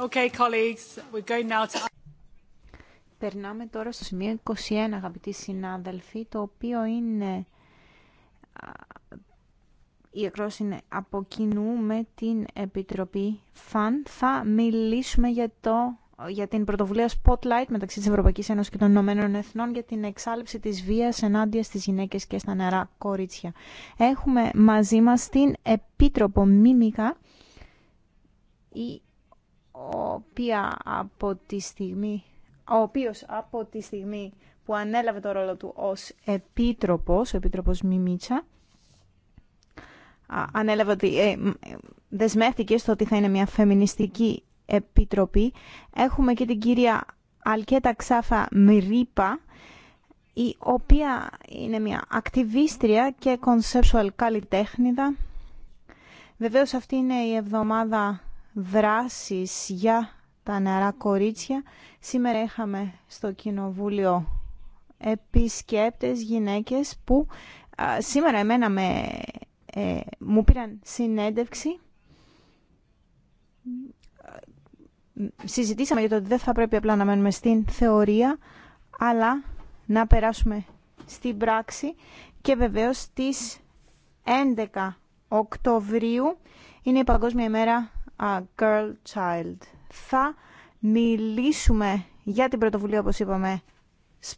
Okay, colleagues, we're going now to... Περνάμε τώρα στο σημείο 21, αγαπητοί συνάδελφοι, το οποίο είναι... Η εκρόση είναι από κοινού με την Επιτροπή ΦΑΝ. Θα μιλήσουμε για, το, για την πρωτοβουλία Spotlight μεταξύ της Ευρωπαϊκής Ένωσης και των Ηνωμένων Εθνών για την εξάλληψη της βίας ενάντια στις γυναίκες και στα νερά κορίτσια. Έχουμε μαζί μας την Επίτροπο Μίμικα, η οποία από τη στιγμή, ο οποίος από τη στιγμή που ανέλαβε το ρόλο του ως επίτροπος, ο επίτροπος Μιμίτσα, ανέλαβε ότι ε, ε, δεσμεύτηκε στο ότι θα είναι μια φεμινιστική επιτροπή. Έχουμε και την κυρία Αλκέτα Ξάφα Μυρίπα, η οποία είναι μια ακτιβίστρια και conceptual καλλιτέχνηδα. Βεβαίως αυτή είναι η εβδομάδα δράσεις για τα νεαρά κορίτσια. Σήμερα είχαμε στο Κοινοβούλιο επισκέπτες γυναίκες που σήμερα εμένα ε, μου πήραν συνέντευξη. Συζητήσαμε για το ότι δεν θα πρέπει απλά να μένουμε στην θεωρία, αλλά να περάσουμε στην πράξη και βεβαίως στις 11 Οκτωβρίου είναι η Παγκόσμια ημέρα a Girl Child. Θα μιλήσουμε για την πρωτοβουλία, όπως είπαμε,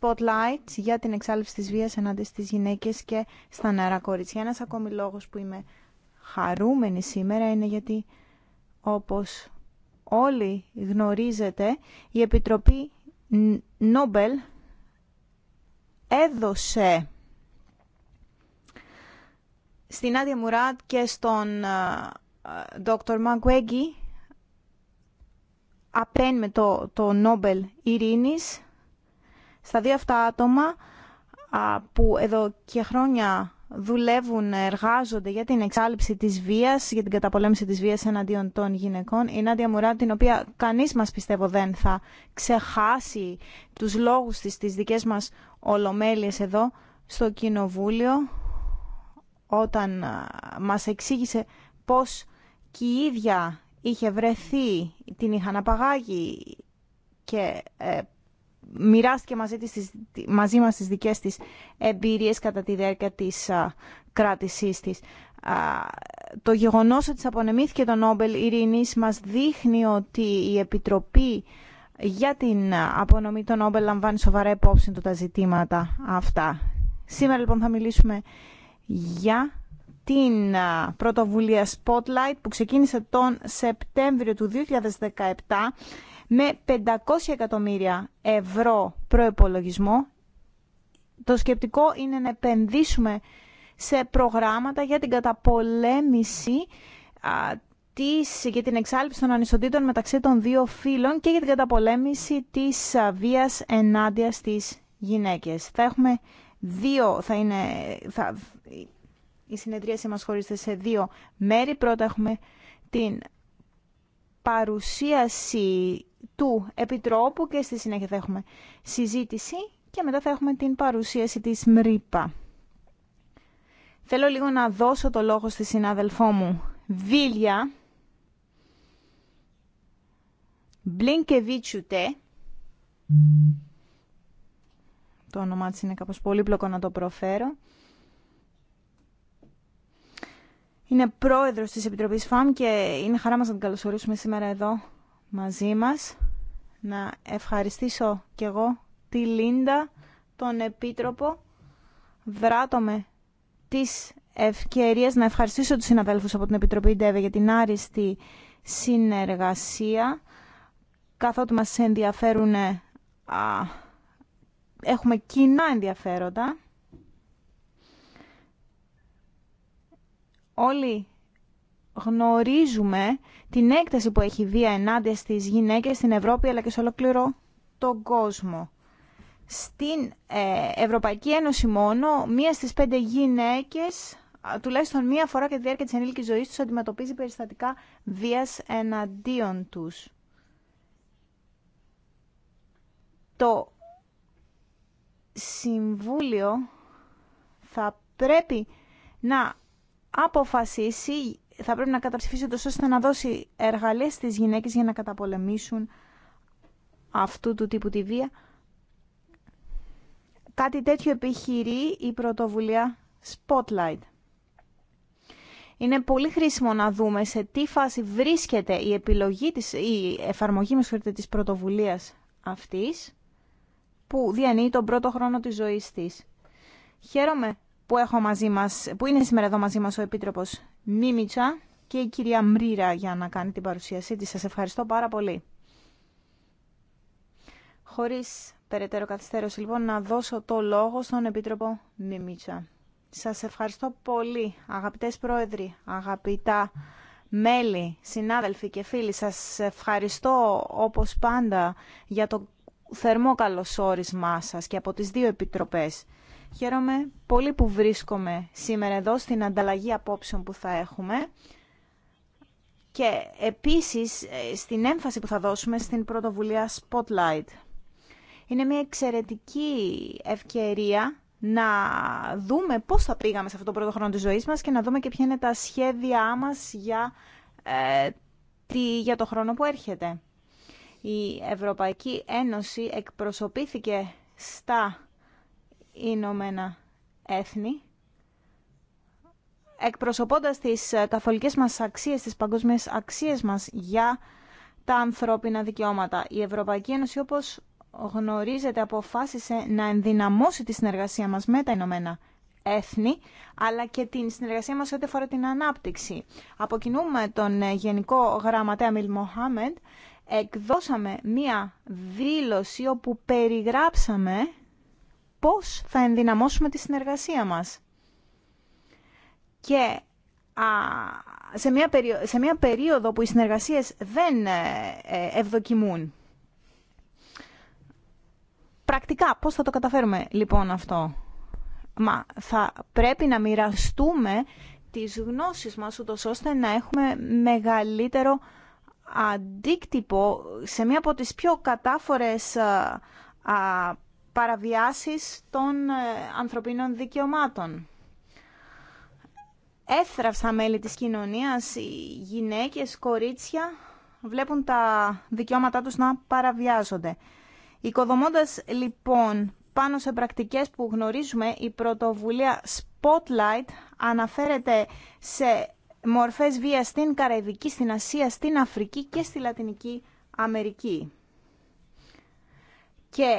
Spotlight για την εξάλληψη της βίας ενάντια στις γυναίκες και στα νεαρά κορίτσια. Ένας ακόμη λόγος που είμαι χαρούμενη σήμερα είναι γιατί, όπως όλοι γνωρίζετε, η Επιτροπή Νόμπελ έδωσε στην Άντια Μουράτ και στον dr. Μαγκουέγγι με το, το Νόμπελ Ειρήνης στα δύο αυτά άτομα που εδώ και χρόνια δουλεύουν, εργάζονται για την εξάλληψη της βίας, για την καταπολέμηση της βίας εναντίον των γυναικών. Η Νάντια Μουράν, την οποία κανείς μας πιστεύω δεν θα ξεχάσει τους λόγους της, τις δικές μας ολομέλειες εδώ στο Κοινοβούλιο, όταν μας εξήγησε πώς και η ίδια είχε βρεθεί, την είχαν απαγάγει και ε, μοιράστηκε μαζί, της, μαζί μας τις δικές της εμπειρίες κατά τη διάρκεια της α, κράτησής της. Α, το γεγονός ότι απονεμήθηκε το Νόμπελ Ειρήνης μας δείχνει ότι η Επιτροπή για την απονομή των Νόμπελ λαμβάνει σοβαρά υπόψη του τα ζητήματα αυτά. Σήμερα λοιπόν θα μιλήσουμε για την πρωτοβουλία Spotlight που ξεκίνησε τον Σεπτέμβριο του 2017 με 500 εκατομμύρια ευρώ προϋπολογισμό. Το σκεπτικό είναι να επενδύσουμε σε προγράμματα για την καταπολέμηση της, για την εξάλληψη των ανισοτήτων μεταξύ των δύο φύλων και για την καταπολέμηση της βίας ενάντια στις γυναίκες. Θα έχουμε δύο, θα είναι, θα, η συνεδρίαση μας χωρίζεται σε δύο μέρη. Πρώτα έχουμε την παρουσίαση του Επιτρόπου και στη συνέχεια θα έχουμε συζήτηση και μετά θα έχουμε την παρουσίαση της ΜΡΙΠΑ. Θέλω λίγο να δώσω το λόγο στη συνάδελφό μου Βίλια Μπλίνκεβίτσουτε το όνομά της είναι κάπως πολύπλοκο να το προφέρω Είναι πρόεδρος της Επιτροπής ΦΑΜ και είναι χαρά μας να την καλωσορίσουμε σήμερα εδώ μαζί μας. Να ευχαριστήσω κι εγώ τη Λίντα, τον Επίτροπο. Βράτομαι τις ευκαιρίες να ευχαριστήσω τους συναδέλφους από την Επιτροπή ΔΕΒΕ για την άριστη συνεργασία. Καθότι μας ενδιαφέρουν, α, έχουμε κοινά ενδιαφέροντα. όλοι γνωρίζουμε την έκταση που έχει βία ενάντια στις γυναίκες στην Ευρώπη αλλά και σε ολόκληρο τον κόσμο. Στην ε, Ευρωπαϊκή Ένωση μόνο, μία στις πέντε γυναίκες, τουλάχιστον μία φορά και τη διάρκεια της ενήλικης ζωής τους, αντιμετωπίζει περιστατικά βίας εναντίον τους. Το Συμβούλιο θα πρέπει να αποφασίσει, θα πρέπει να καταψηφίσει το ώστε να δώσει εργαλεία στις γυναίκες για να καταπολεμήσουν αυτού του τύπου τη βία. Κάτι τέτοιο επιχειρεί η πρωτοβουλία Spotlight. Είναι πολύ χρήσιμο να δούμε σε τι φάση βρίσκεται η επιλογή της, η εφαρμογή με της πρωτοβουλίας αυτής που διανύει τον πρώτο χρόνο της ζωής της. Χαίρομαι που, έχω μας, που είναι σήμερα εδώ μαζί μας ο Επίτροπος Μίμητσα και η κυρία Μρίρα για να κάνει την παρουσίασή της. Σας ευχαριστώ πάρα πολύ. Χωρίς περαιτέρω καθυστέρωση λοιπόν να δώσω το λόγο στον Επίτροπο Μίμητσα. Σας ευχαριστώ πολύ αγαπητές πρόεδροι, αγαπητά μέλη, συνάδελφοι και φίλοι. Σας ευχαριστώ όπως πάντα για το θερμό καλωσόρισμά σας και από τις δύο επιτροπές. Χαίρομαι πολύ που βρίσκομαι σήμερα εδώ στην ανταλλαγή απόψεων που θα έχουμε και επίσης ε, στην έμφαση που θα δώσουμε στην πρωτοβουλία Spotlight. Είναι μια εξαιρετική ευκαιρία να δούμε πώς θα πήγαμε σε αυτό το πρώτο χρόνο της ζωής μας και να δούμε και ποια είναι τα σχέδιά μας για, ε, για το χρόνο που έρχεται. Η Ευρωπαϊκή Ένωση εκπροσωπήθηκε στα Ηνωμένα Έθνη, εκπροσωπώντας τις καθολικές ε, μας αξίες, τις παγκόσμιες αξίες μας για τα ανθρώπινα δικαιώματα. Η Ευρωπαϊκή Ένωση, όπως γνωρίζετε, αποφάσισε να ενδυναμώσει τη συνεργασία μας με τα Ηνωμένα Έθνη, αλλά και την συνεργασία μας ό,τι αφορά την ανάπτυξη. Αποκινούμε τον ε, Γενικό Γραμματέα Μιλ Μοχάμεντ, εκδώσαμε μία δήλωση όπου περιγράψαμε πώς θα ενδυναμώσουμε τη συνεργασία μας. Και σε μια, περίοδο, που οι συνεργασίες δεν ε, ε, ευδοκιμούν. Πρακτικά, πώς θα το καταφέρουμε λοιπόν αυτό. Μα θα πρέπει να μοιραστούμε τις γνώσεις μας ούτως ώστε να έχουμε μεγαλύτερο αντίκτυπο σε μία από τις πιο κατάφορες ε, παραβιάσεις των ε, ανθρωπίνων δικαιωμάτων. Έθραυσα μέλη της κοινωνίας, οι γυναίκες, κορίτσια βλέπουν τα δικαιώματά τους να παραβιάζονται. Οικοδομώντας λοιπόν πάνω σε πρακτικές που γνωρίζουμε, η πρωτοβουλία Spotlight αναφέρεται σε μορφές βίας στην Καραϊβική, στην Ασία, στην Αφρική και στη Λατινική Αμερική και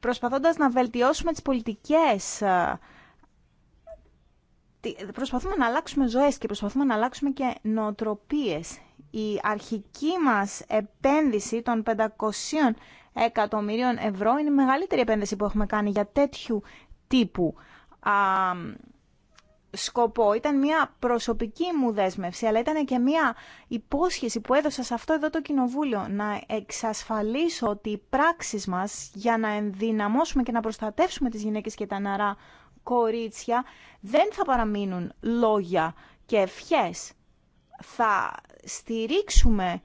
προσπαθώντας να βελτιώσουμε τις πολιτικές ε, προσπαθούμε να αλλάξουμε ζωές και προσπαθούμε να αλλάξουμε και νοοτροπίες. Η αρχική μας επένδυση των 500 εκατομμυρίων ευρώ είναι η μεγαλύτερη επένδυση που έχουμε κάνει για τέτοιου τύπου σκοπό. Ήταν μια προσωπική μου δέσμευση, αλλά ήταν και μια υπόσχεση που έδωσα σε αυτό εδώ το κοινοβούλιο. Να εξασφαλίσω ότι οι πράξεις μας για να ενδυναμώσουμε και να προστατεύσουμε τις γυναίκες και τα ναρά κορίτσια δεν θα παραμείνουν λόγια και ευχές. Θα στηρίξουμε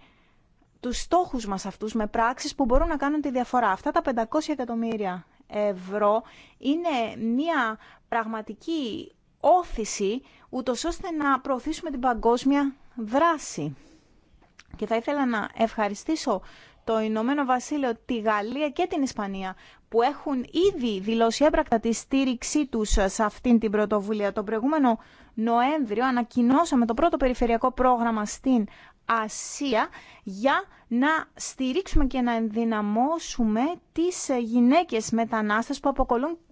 τους στόχους μας αυτούς με πράξεις που μπορούν να κάνουν τη διαφορά. Αυτά τα 500 εκατομμύρια ευρώ είναι μια πραγματική όθηση, ούτω ώστε να προωθήσουμε την παγκόσμια δράση. Και θα ήθελα να ευχαριστήσω το Ηνωμένο Βασίλειο, τη Γαλλία και την Ισπανία που έχουν ήδη δηλώσει έμπρακτα τη στήριξή τους σε αυτήν την πρωτοβουλία. Το προηγούμενο Νοέμβριο ανακοινώσαμε το πρώτο περιφερειακό πρόγραμμα στην Ασία για να στηρίξουμε και να ενδυναμώσουμε τις γυναίκες μετανάστες που,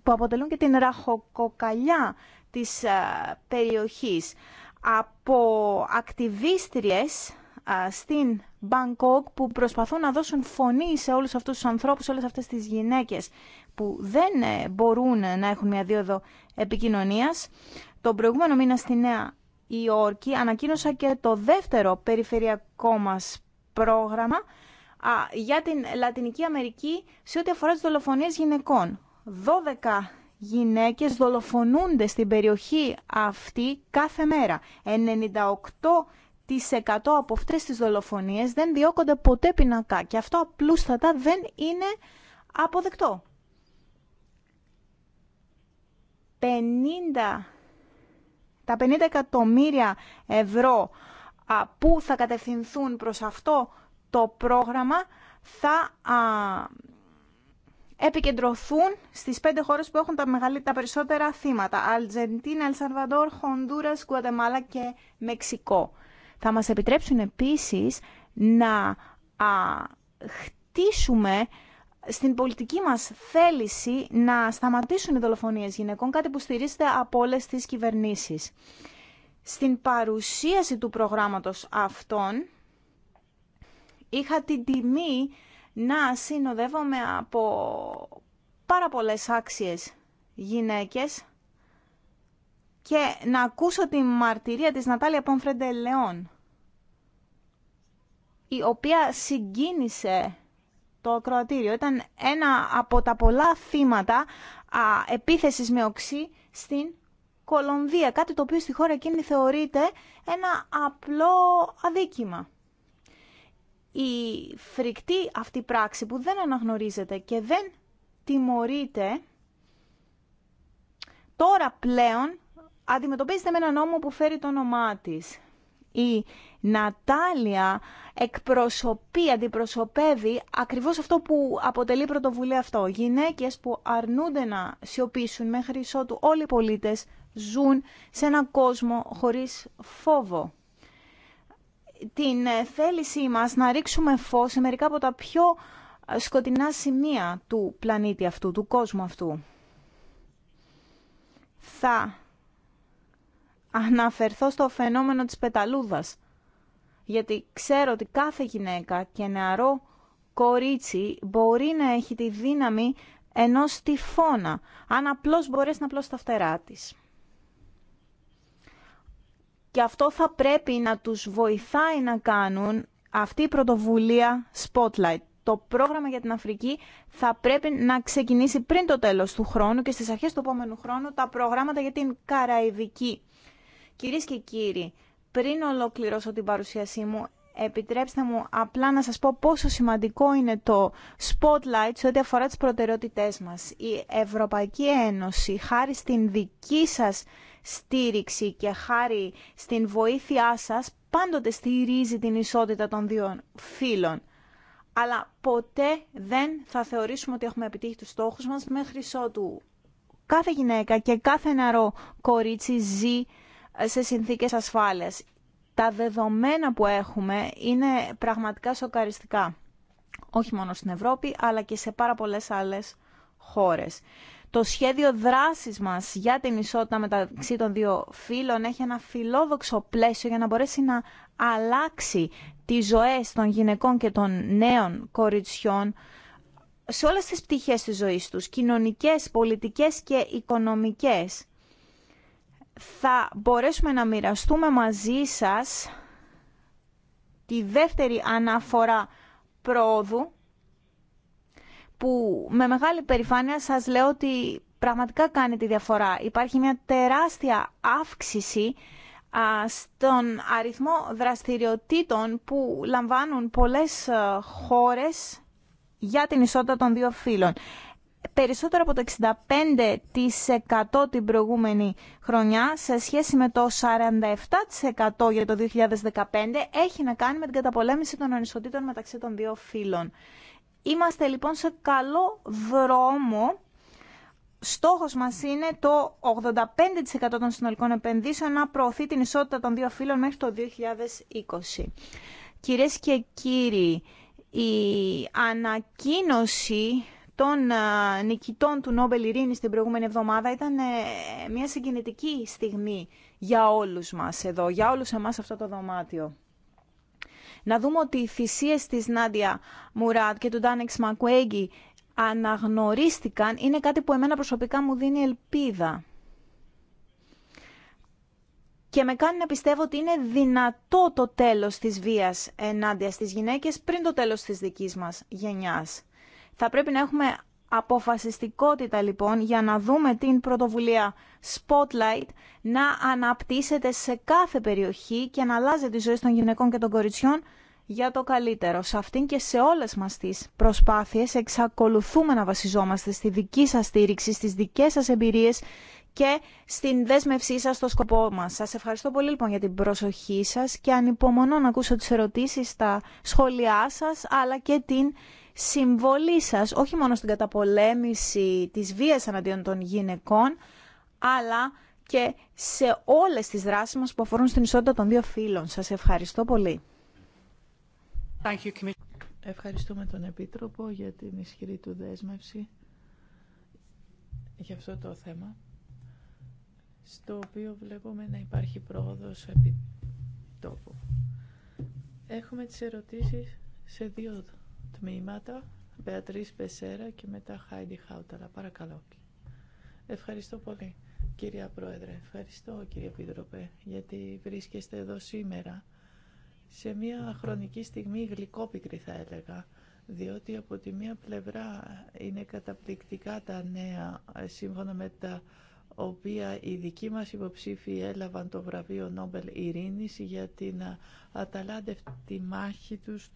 που αποτελούν και την ραχοκοκαλιά της περιοχής από ακτιβίστριες στην Μπαγκόκ που προσπαθούν να δώσουν φωνή σε όλους αυτούς τους ανθρώπους, σε όλες αυτές τις γυναίκες που δεν ε, μπορούν να έχουν μια δίωδο επικοινωνίας. Το προηγούμενο μήνα στη Νέα Υόρκη ανακοίνωσα και το δεύτερο περιφερειακό μας πρόγραμμα για την Λατινική Αμερική σε ό,τι αφορά τις δολοφονίες γυναικών. 12 γυναίκες δολοφονούνται στην περιοχή αυτή κάθε μέρα. 98% από αυτές τις δολοφονίες δεν διώκονται ποτέ πινακά και αυτό απλούστατα δεν είναι αποδεκτό. 50, τα 50 εκατομμύρια ευρώ που θα κατευθυνθούν προς αυτό το πρόγραμμα θα επικεντρωθούν στις πέντε χώρες που έχουν τα, μεγαλύτερα, περισσότερα θύματα. Αλτζεντίνα, Ελσαρβαντόρ, Χοντούρα, Γκουατεμάλα και Μεξικό. Θα μας επιτρέψουν επίσης να α, χτίσουμε στην πολιτική μας θέληση να σταματήσουν οι δολοφονίες γυναικών, κάτι που στηρίζεται από όλε τις κυβερνήσεις. Στην παρουσίαση του προγράμματος αυτών είχα την τιμή να συνοδεύομαι από πάρα πολλές άξιες γυναίκες και να ακούσω τη μαρτυρία της Νατάλια Πομφρέντε Λεόν, η οποία συγκίνησε το ακροατήριο. Ήταν ένα από τα πολλά θύματα α, επίθεσης με οξύ στην Κολομβία, κάτι το οποίο στη χώρα εκείνη θεωρείται ένα απλό αδίκημα η φρικτή αυτή πράξη που δεν αναγνωρίζεται και δεν τιμωρείται, τώρα πλέον αντιμετωπίζεται με ένα νόμο που φέρει το όνομά της. Η Νατάλια εκπροσωπεί, αντιπροσωπεύει ακριβώς αυτό που αποτελεί πρωτοβουλία αυτό. Γυναίκες που αρνούνται να σιωπήσουν μέχρι ότου όλοι οι πολίτες ζουν σε έναν κόσμο χωρίς φόβο την ε, θέλησή μας να ρίξουμε φως σε μερικά από τα πιο ε, σκοτεινά σημεία του πλανήτη αυτού, του κόσμου αυτού. Θα αναφερθώ στο φαινόμενο της πεταλούδας, γιατί ξέρω ότι κάθε γυναίκα και νεαρό κορίτσι μπορεί να έχει τη δύναμη ενός τυφώνα, αν απλώς μπορέσει να απλώσει τα φτερά της. Και αυτό θα πρέπει να τους βοηθάει να κάνουν αυτή η πρωτοβουλία Spotlight. Το πρόγραμμα για την Αφρική θα πρέπει να ξεκινήσει πριν το τέλος του χρόνου και στις αρχές του επόμενου χρόνου τα προγράμματα για την Καραϊβική. Κυρίες και κύριοι, πριν ολοκληρώσω την παρουσίασή μου, επιτρέψτε μου απλά να σας πω πόσο σημαντικό είναι το spotlight σε ό,τι αφορά τις προτεραιότητές μας. Η Ευρωπαϊκή Ένωση, χάρη στην δική σας στήριξη και χάρη στην βοήθειά σας, πάντοτε στηρίζει την ισότητα των δύο φύλων. Αλλά ποτέ δεν θα θεωρήσουμε ότι έχουμε επιτύχει τους στόχους μας μέχρι ότου κάθε γυναίκα και κάθε νερό κορίτσι ζει σε συνθήκες ασφάλειας τα δεδομένα που έχουμε είναι πραγματικά σοκαριστικά. Όχι μόνο στην Ευρώπη, αλλά και σε πάρα πολλές άλλες χώρες. Το σχέδιο δράσης μας για την ισότητα μεταξύ των δύο φύλων έχει ένα φιλόδοξο πλαίσιο για να μπορέσει να αλλάξει τις ζωές των γυναικών και των νέων κοριτσιών σε όλες τις πτυχές της ζωής τους, κοινωνικές, πολιτικές και οικονομικές θα μπορέσουμε να μοιραστούμε μαζί σας τη δεύτερη αναφορά πρόοδου που με μεγάλη περηφάνεια σας λέω ότι πραγματικά κάνει τη διαφορά. Υπάρχει μια τεράστια αύξηση στον αριθμό δραστηριοτήτων που λαμβάνουν πολλές ε, χώρες για την ισότητα των δύο φύλων περισσότερο από το 65% την προηγούμενη χρονιά σε σχέση με το 47% για το 2015 έχει να κάνει με την καταπολέμηση των ανισοτήτων μεταξύ των δύο φύλων. Είμαστε λοιπόν σε καλό δρόμο. Στόχος μας είναι το 85% των συνολικών επενδύσεων να προωθεί την ισότητα των δύο φύλων μέχρι το 2020. Κυρίες και κύριοι, η ανακοίνωση των ε, νικητών του Νόμπελ Ειρήνης την προηγούμενη εβδομάδα ήταν ε, μια συγκινητική στιγμή για όλους μας εδώ, για όλους εμάς αυτό το δωμάτιο. Να δούμε ότι οι θυσίες της Νάντια Μουράτ και του Ντάνεξ Μακουέγγι αναγνωρίστηκαν είναι κάτι που εμένα προσωπικά μου δίνει ελπίδα. Και με κάνει να πιστεύω ότι είναι δυνατό το τέλος της βίας ενάντια στις γυναίκες πριν το τέλος της δικής μας γενιάς. Θα πρέπει να έχουμε αποφασιστικότητα λοιπόν για να δούμε την πρωτοβουλία Spotlight να αναπτύσσεται σε κάθε περιοχή και να αλλάζει τη ζωή των γυναικών και των κοριτσιών για το καλύτερο. Σε αυτήν και σε όλες μας τις προσπάθειες εξακολουθούμε να βασιζόμαστε στη δική σας στήριξη, στις δικές σας εμπειρίες και στην δέσμευσή σας στο σκοπό μας. Σας ευχαριστώ πολύ λοιπόν για την προσοχή σας και ανυπομονώ να ακούσω τις ερωτήσεις, τα σχόλιά σας αλλά και την συμβολή σας όχι μόνο στην καταπολέμηση της βίας αναντίον των γυναικών, αλλά και σε όλες τις δράσεις μας που αφορούν στην ισότητα των δύο φίλων. Σας ευχαριστώ πολύ. Ευχαριστούμε τον Επίτροπο για την ισχυρή του δέσμευση για αυτό το θέμα, στο οποίο βλέπουμε να υπάρχει πρόοδος επί τόπου. Έχουμε τις ερωτήσεις σε δύο τμήματα, Πεσέρα και μετά Χάιντι Χάουταλα. Παρακαλώ. Ευχαριστώ πολύ κυρία Πρόεδρε, ευχαριστώ κύριε Πίτροπε γιατί βρίσκεστε εδώ σήμερα σε μια χρονική στιγμή γλυκόπικρη θα έλεγα διότι από τη μία πλευρά είναι καταπληκτικά τα νέα σύμφωνα με τα οποία οι δικοί μας υποψήφοι έλαβαν το βραβείο Νόμπελ Ειρήνης για την αταλάντευτη μάχη τους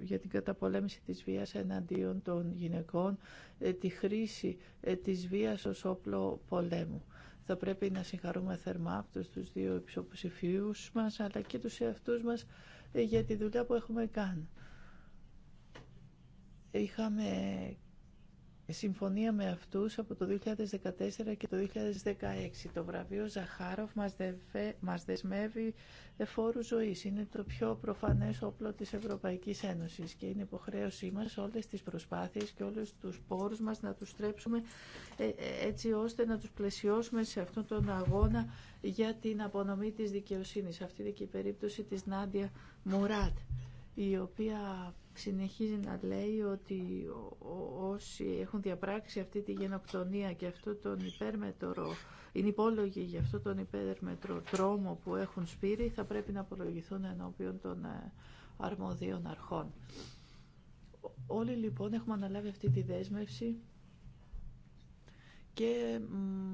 για την καταπολέμηση της βίας εναντίον των γυναικών, ε, τη χρήση ε, της βίας ως όπλο πολέμου. Θα πρέπει να συγχαρούμε θερμά αυτούς τους δύο υποψηφίους μας, αλλά και τους εαυτούς μας ε, για τη δουλειά που έχουμε κάνει. Είχαμε συμφωνία με αυτούς από το 2014 και το 2016. Το βραβείο Ζαχάροφ μας, μας δεσμεύει φόρου ζωής. Είναι το πιο προφανές όπλο της Ευρωπαϊκής Ένωσης και είναι υποχρέωσή μας όλες τις προσπάθειες και όλους τους πόρους μας να τους στρέψουμε ε, ε, έτσι ώστε να τους πλαισιώσουμε σε αυτόν τον αγώνα για την απονομή της δικαιοσύνης. Αυτή είναι και η περίπτωση της Νάντια Μουράτ η οποία συνεχίζει να λέει ότι όσοι έχουν διαπράξει αυτή τη γενοκτονία και αυτό τον υπέρμετρο είναι υπόλογοι για αυτό τον υπέρμετρο τρόμο που έχουν σπείρει θα πρέπει να απολογηθούν ενώπιον των ε, αρμοδίων αρχών. Όλοι λοιπόν έχουμε αναλάβει αυτή τη δέσμευση και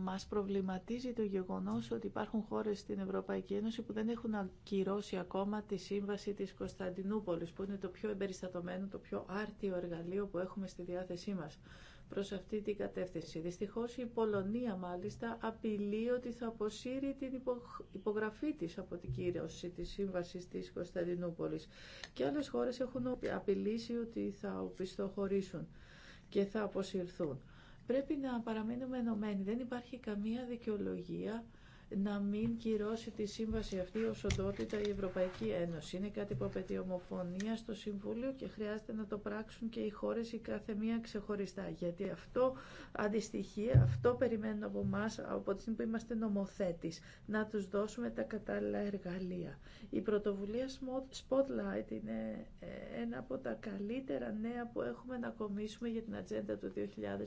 μας προβληματίζει το γεγονός ότι υπάρχουν χώρες στην Ευρωπαϊκή Ένωση που δεν έχουν ακυρώσει ακόμα τη σύμβαση της Κωνσταντινούπολης που είναι το πιο εμπεριστατωμένο, το πιο άρτιο εργαλείο που έχουμε στη διάθεσή μας προς αυτή την κατεύθυνση. Δυστυχώς η Πολωνία μάλιστα απειλεί ότι θα αποσύρει την υπογραφή της από την κύρωση της σύμβασης της Κωνσταντινούπολης και άλλες χώρες έχουν απειλήσει ότι θα οπισθοχωρήσουν και θα αποσυρθούν. Πρέπει να παραμείνουμε ενωμένοι. Δεν υπάρχει καμία δικαιολογία να μην κυρώσει τη σύμβαση αυτή ως οντότητα η Ευρωπαϊκή Ένωση. Είναι κάτι που απαιτεί ομοφωνία στο Συμβούλιο και χρειάζεται να το πράξουν και οι χώρες η κάθε μία ξεχωριστά. Γιατί αυτό αντιστοιχεί, αυτό περιμένουν από εμά από τη στιγμή που είμαστε νομοθέτης, να τους δώσουμε τα κατάλληλα εργαλεία. Η πρωτοβουλία Spotlight είναι ε, ένα από τα καλύτερα νέα που έχουμε να κομίσουμε για την ατζέντα του 2000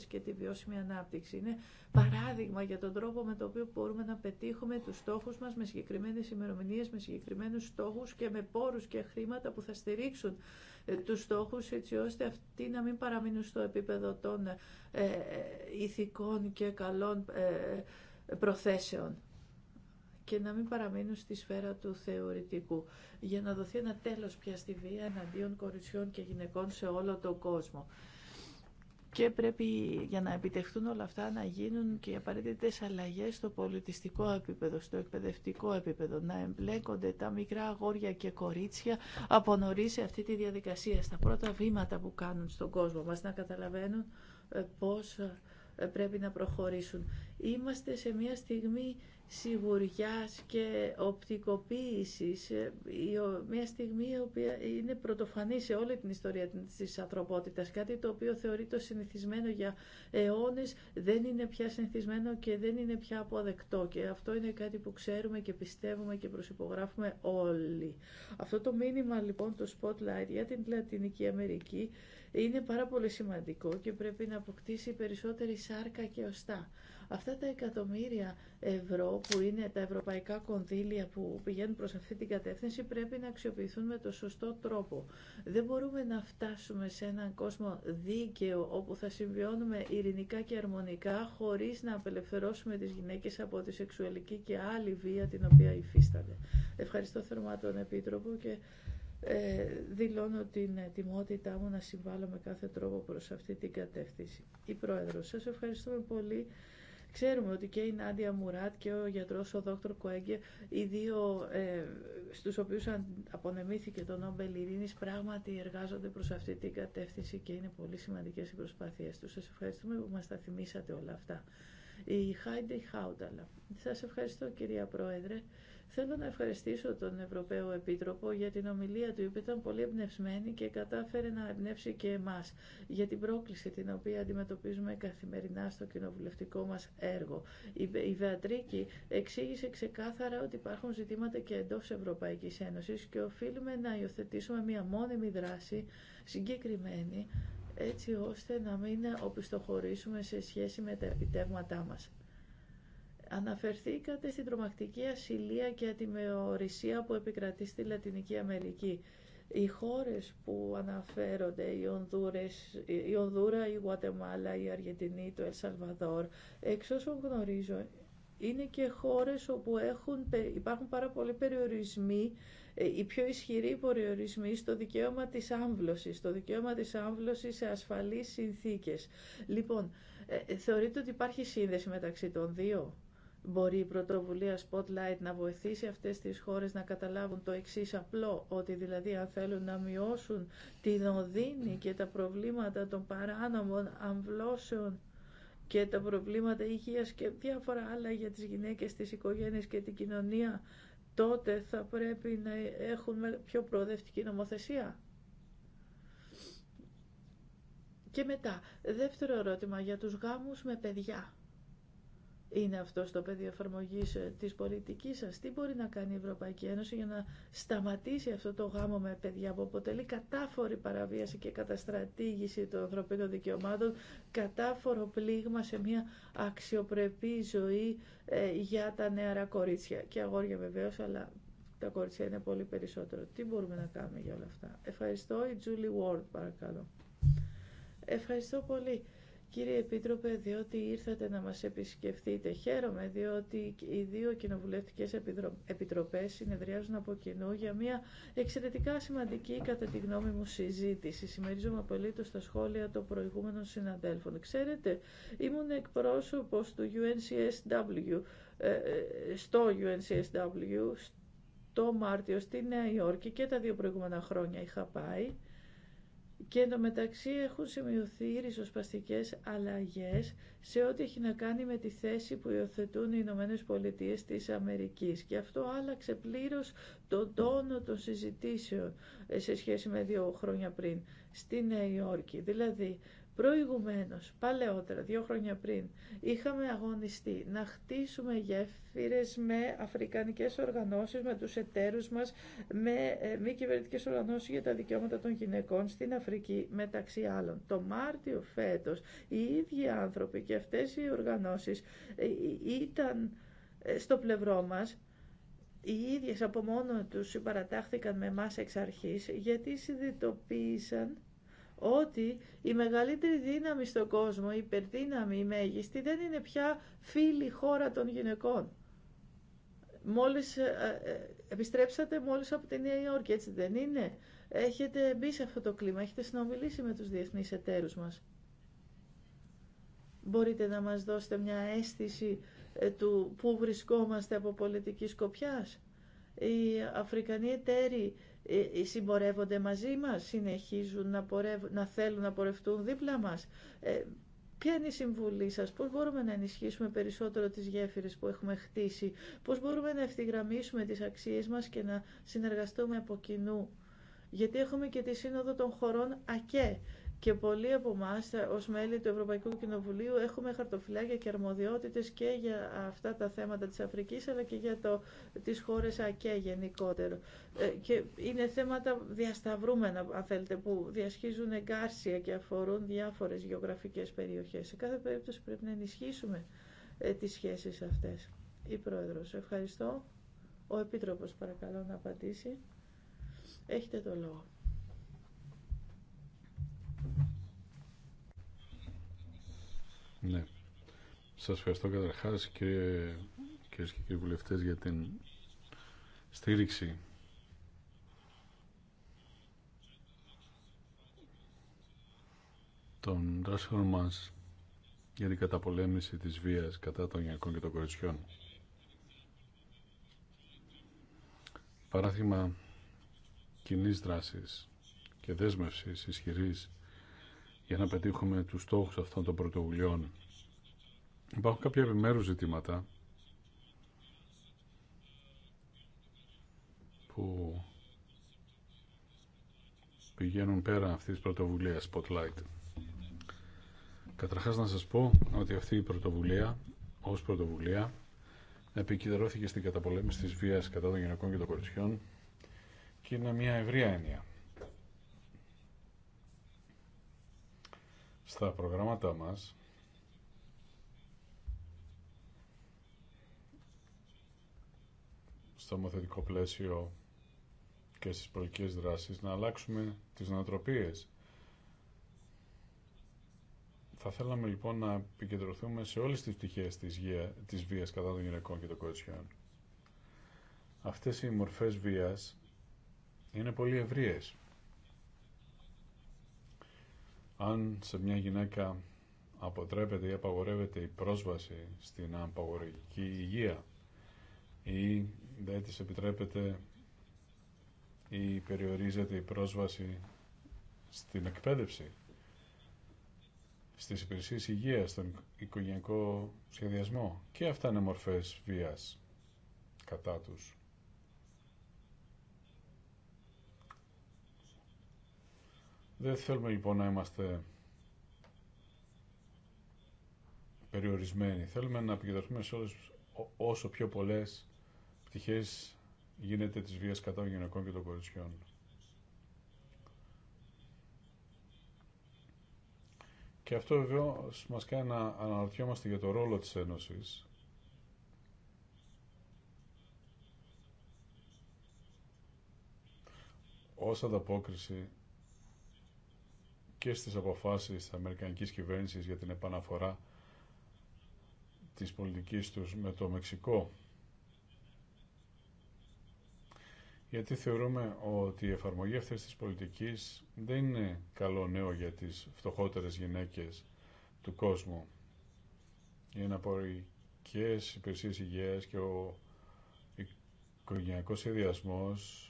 και τη βιώσιμη ανάπτυξη. Είναι παράδειγμα για τον τρόπο με τον οποίο μπορούμε να πετύχουμε Έχουμε τους στόχους μας με συγκεκριμένες ημερομηνίες, με συγκεκριμένους στόχους και με πόρους και χρήματα που θα στηρίξουν ε, τους στόχους έτσι ώστε αυτοί να μην παραμείνουν στο επίπεδο των ε, ε, ηθικών και καλών προθέσεων και να μην παραμείνουν στη σφαίρα του θεωρητικού, για να δοθεί ένα τέλος πια στη βία εναντίον κοριτσιών και γυναικών σε όλο τον κόσμο. Και πρέπει για να επιτευχθούν όλα αυτά να γίνουν και οι απαραίτητε αλλαγέ στο πολιτιστικό επίπεδο, στο εκπαιδευτικό επίπεδο. Να εμπλέκονται τα μικρά αγόρια και κορίτσια από νωρί σε αυτή τη διαδικασία, στα πρώτα βήματα που κάνουν στον κόσμο μα, να καταλαβαίνουν ε, πώ ε, πρέπει να προχωρήσουν. Είμαστε σε μια στιγμή σιγουριάς και οπτικοποίησης, ε, μια στιγμή η οποία είναι πρωτοφανή σε όλη την ιστορία της ανθρωπότητας, κάτι το οποίο το συνηθισμένο για αιώνες, δεν είναι πια συνηθισμένο και δεν είναι πια αποδεκτό και αυτό είναι κάτι που ξέρουμε και πιστεύουμε και προσυπογράφουμε όλοι. Αυτό το μήνυμα λοιπόν το Spotlight για την Λατινική Αμερική είναι πάρα πολύ σημαντικό και πρέπει να αποκτήσει περισσότερη σάρκα και οστά. Αυτά τα εκατομμύρια ευρώ που είναι τα ευρωπαϊκά κονδύλια που πηγαίνουν προς αυτή την κατεύθυνση πρέπει να αξιοποιηθούν με το σωστό τρόπο. Δεν μπορούμε να φτάσουμε σε έναν κόσμο δίκαιο όπου θα συμβιώνουμε ειρηνικά και αρμονικά χωρίς να απελευθερώσουμε τις γυναίκες από τη σεξουαλική και άλλη βία την οποία υφίστανται. Ευχαριστώ θερμά τον Επίτροπο και ε, δηλώνω την ετοιμότητά μου να συμβάλλω με κάθε τρόπο προς αυτή την κατεύθυνση. Η Πρόεδρος, σας ευχαριστούμε πολύ. Ξέρουμε ότι και η Νάντια Μουράτ και ο γιατρός ο Δόκτωρ Κουέγκε, οι δύο ε, στους οποίους απονεμήθηκε το Νόμπελ Ειρήνης, πράγματι εργάζονται προς αυτή την κατεύθυνση και είναι πολύ σημαντικές οι προσπάθειές τους. Σας ευχαριστούμε που μας τα θυμήσατε όλα αυτά. Η Χάιντε Χάουταλα. Σας ευχαριστώ κυρία Πρόεδρε. Θέλω να ευχαριστήσω τον Ευρωπαίο Επίτροπο για την ομιλία του, που ήταν πολύ εμπνευσμένη και κατάφερε να εμπνεύσει και εμά για την πρόκληση την οποία αντιμετωπίζουμε καθημερινά στο κοινοβουλευτικό μας έργο. Η Βεατρίκη εξήγησε ξεκάθαρα ότι υπάρχουν ζητήματα και εντό Ευρωπαϊκή Ένωση και οφείλουμε να υιοθετήσουμε μια μόνιμη δράση συγκεκριμένη έτσι ώστε να μην οπισθοχωρήσουμε σε σχέση με τα επιτεύγματά μας. Αναφερθήκατε στην τρομακτική ασυλία και ατιμεωρησία που επικρατεί στη Λατινική Αμερική. Οι χώρες που αναφέρονται, η, Ονδούρες, η Ονδούρα, η Γουατεμάλα, η Αργεντινή, το Ελσαλβαδόρ, εξ όσων γνωρίζω, είναι και χώρες όπου έχουν, υπάρχουν πάρα πολλοί περιορισμοί, ε, οι πιο ισχυροί περιορισμοί στο δικαίωμα της άμβλωσης, στο δικαίωμα της άμβλωσης σε ασφαλείς συνθήκες. Λοιπόν, ε, ε, θεωρείτε ότι υπάρχει σύνδεση μεταξύ των δύο. Μπορεί η πρωτοβουλία Spotlight να βοηθήσει αυτές τις χώρες να καταλάβουν το εξή απλό, ότι δηλαδή αν θέλουν να μειώσουν την οδύνη και τα προβλήματα των παράνομων αμβλώσεων και τα προβλήματα υγείας και διάφορα άλλα για τις γυναίκες, τις οικογένειες και την κοινωνία, τότε θα πρέπει να έχουν πιο προοδευτική νομοθεσία. Και μετά, δεύτερο ερώτημα για τους γάμους με παιδιά είναι αυτό το πεδίο εφαρμογή ε, τη πολιτική σας. Τι μπορεί να κάνει η Ευρωπαϊκή Ένωση για να σταματήσει αυτό το γάμο με παιδιά που αποτελεί κατάφορη παραβίαση και καταστρατήγηση των ανθρωπίνων δικαιωμάτων, κατάφορο πλήγμα σε μια αξιοπρεπή ζωή ε, για τα νεαρά κορίτσια και αγόρια βεβαίω, αλλά τα κορίτσια είναι πολύ περισσότερο. Τι μπορούμε να κάνουμε για όλα αυτά. Ευχαριστώ η Julie Ward παρακαλώ. Ευχαριστώ πολύ. Κύριε Επίτροπε, διότι ήρθατε να μας επισκεφτείτε, χαίρομαι διότι οι δύο κοινοβουλευτικές επιτροπές συνεδριάζουν από κοινού για μια εξαιρετικά σημαντική κατά τη γνώμη μου συζήτηση. Συμμερίζομαι απολύτως τα σχόλια των προηγούμενων συναδέλφων. Ξέρετε, ήμουν εκπρόσωπος του UNCSW, ε, ε, στο UNCSW, το Μάρτιο στη Νέα Υόρκη και τα δύο προηγούμενα χρόνια είχα πάει και εντωμεταξύ έχουν σημειωθεί ριζοσπαστικέ αλλαγέ σε ό,τι έχει να κάνει με τη θέση που υιοθετούν οι Ηνωμένε Πολιτείε της Αμερικής. Και αυτό άλλαξε πλήρω τον τόνο των συζητήσεων ε, σε σχέση με δύο χρόνια πριν στη Νέα Υόρκη. Δηλαδή, Προηγουμένως, παλαιότερα, δύο χρόνια πριν, είχαμε αγωνιστεί να χτίσουμε γέφυρες με αφρικανικές οργανώσεις, με τους εταίρους μας, με ε, μη κυβερνητικέ οργανώσεις για τα δικαιώματα των γυναικών στην Αφρική, μεταξύ άλλων. Το Μάρτιο φέτος, οι ίδιοι άνθρωποι και αυτές οι οργανώσεις ε, ε, ήταν στο πλευρό μας, οι ίδιες από μόνο τους συμπαρατάχθηκαν με εμάς εξ αρχής, γιατί συνειδητοποίησαν ότι η μεγαλύτερη δύναμη στον κόσμο, η υπερδύναμη, η μέγιστη, δεν είναι πια φίλη χώρα των γυναικών. Μόλις ε, ε, επιστρέψατε μόλις από τη Νέα Υόρκη, έτσι δεν είναι. Έχετε μπει σε αυτό το κλίμα, έχετε συνομιλήσει με τους διεθνείς εταίρους μας. Μπορείτε να μας δώσετε μια αίσθηση ε, του πού βρισκόμαστε από πολιτική σκοπιάς. Οι Αφρικανοί εταίροι ε, ε, συμπορεύονται μαζί μας, συνεχίζουν να, πορευ... να θέλουν να πορευτούν δίπλα μας. Ε, ποια είναι η συμβουλή σας, πώς μπορούμε να ενισχύσουμε περισσότερο τις γέφυρες που έχουμε χτίσει, πώς μπορούμε να ευθυγραμμίσουμε τις αξίες μας και να συνεργαστούμε από κοινού. Γιατί έχουμε και τη Σύνοδο των Χωρών ΑΚΕ και πολλοί από εμά, ε, ω μέλη του Ευρωπαϊκού Κοινοβουλίου, έχουμε χαρτοφυλάκια και αρμοδιότητε και για αυτά τα θέματα τη Αφρική, αλλά και για τι τις χώρες ΑΚΕ γενικότερο. Ε, και είναι θέματα διασταυρούμενα, αν θέλετε, που διασχίζουν εγκάρσια και αφορούν διάφορε γεωγραφικέ περιοχέ. Σε κάθε περίπτωση πρέπει να ενισχύσουμε ε, τι σχέσει αυτέ. Η Πρόεδρο, ευχαριστώ. Ο Επίτροπος παρακαλώ να απαντήσει. Έχετε το λόγο. Ναι. Σας ευχαριστώ καταρχάς κύριε, και κύριοι βουλευτές για την στήριξη των δράσεων μας για την καταπολέμηση της βίας κατά των γυναικών και των κοριτσιών. Παράδειγμα κοινή δράσης και δέσμευση ισχυρής για να πετύχουμε τους στόχους αυτών των πρωτοβουλειών. Υπάρχουν κάποια επιμέρους ζητήματα που πηγαίνουν πέρα αυτής της πρωτοβουλίας Spotlight. Καταρχάς να σας πω ότι αυτή η πρωτοβουλία ως πρωτοβουλία επικεντρώθηκε στην καταπολέμηση της βίας κατά των γυναικών και των κοριτσιών και είναι μια ευρία έννοια. στα προγράμματα μας στο μοθετικό πλαίσιο και στις προϊκές δράσεις να αλλάξουμε τις νοοτροπίες. Θα θέλαμε λοιπόν να επικεντρωθούμε σε όλες τις πτυχές της, γεία, της βίας κατά των γυναικών και των κοριτσιών. Αυτές οι μορφές βίας είναι πολύ ευρείες αν σε μια γυναίκα αποτρέπεται ή απαγορεύεται η πρόσβαση στην απαγορευτική υγεία ή δεν της επιτρέπεται ή περιορίζεται η πρόσβαση στην εκπαίδευση, στις υπηρεσίες υγείας, στον οικογενειακό σχεδιασμό. Και αυτά είναι μορφές βίας κατά τους. Δεν θέλουμε λοιπόν να είμαστε περιορισμένοι. Θέλουμε να επικεντρωθούμε σε όλες, όσο πιο πολλές πτυχές γίνεται της βίας κατά των γυναικών και των κοριτσιών. Και αυτό βεβαίω μας κάνει να αναρωτιόμαστε για το ρόλο της Ένωσης ως ανταπόκριση και στις αποφάσεις της Αμερικανικής κυβέρνησης για την επαναφορά της πολιτικής τους με το Μεξικό. Γιατί θεωρούμε ότι η εφαρμογή αυτής της πολιτικής δεν είναι καλό νέο για τις φτωχότερες γυναίκες του κόσμου. Οι αναπορικές υπηρεσίες υγείας και ο οικογενειακός σχεδιασμός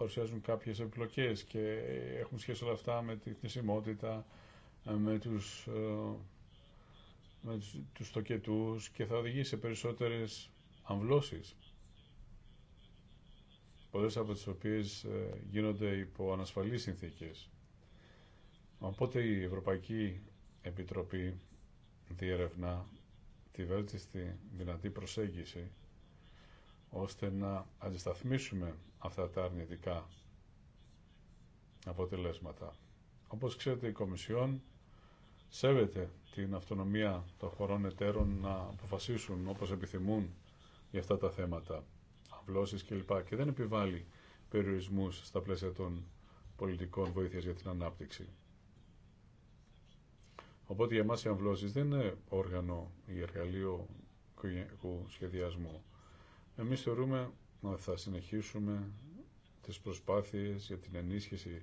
παρουσιάζουν κάποιες επιπλοκές και έχουν σχέση όλα αυτά με τη θνησιμότητα, με τους, ε, με τους, τους και θα οδηγήσει σε περισσότερες αμβλώσεις πολλές από τις οποίες ε, γίνονται υπό ανασφαλείς συνθήκες. Οπότε η Ευρωπαϊκή Επιτροπή διερευνά τη βέλτιστη δυνατή προσέγγιση ώστε να αντισταθμίσουμε αυτά τα αρνητικά αποτελέσματα. Όπως ξέρετε η Κομισιόν σέβεται την αυτονομία των χωρών εταίρων να αποφασίσουν όπως επιθυμούν για αυτά τα θέματα, αυλώσεις κλπ. και δεν επιβάλλει περιορισμούς στα πλαίσια των πολιτικών βοήθειας για την ανάπτυξη. Οπότε για εμάς οι δεν είναι όργανο ή εργαλείο οικογενειακού σχεδιασμού. Εμείς θεωρούμε να θα συνεχίσουμε τις προσπάθειες για την ενίσχυση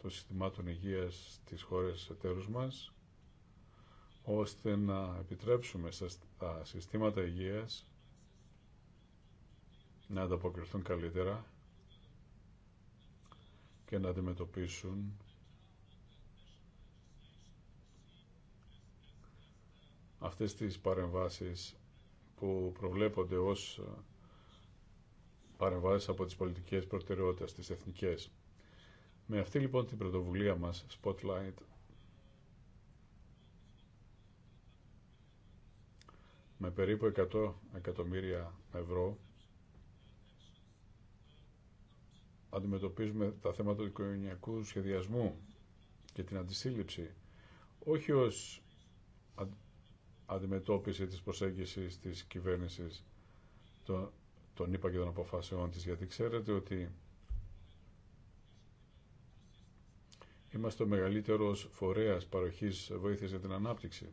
των συστημάτων υγείας στις χώρες εταίρους μας, ώστε να επιτρέψουμε στα συστήματα υγείας να ανταποκριθούν καλύτερα και να αντιμετωπίσουν αυτές τις παρεμβάσεις που προβλέπονται ως παρεμβάσει από τις πολιτικές προτεραιότητες, τι εθνικέ. Με αυτή λοιπόν την πρωτοβουλία μας, Spotlight, με περίπου 100 εκατομμύρια ευρώ αντιμετωπίζουμε τα θέματα του οικογενειακού σχεδιασμού και την αντισύλληψη όχι ως αντιμετώπιση της προσέγγισης της κυβέρνησης των τον είπα και των αποφάσεών της, γιατί ξέρετε ότι είμαστε ο μεγαλύτερος φορέας παροχής βοήθειας για την ανάπτυξη.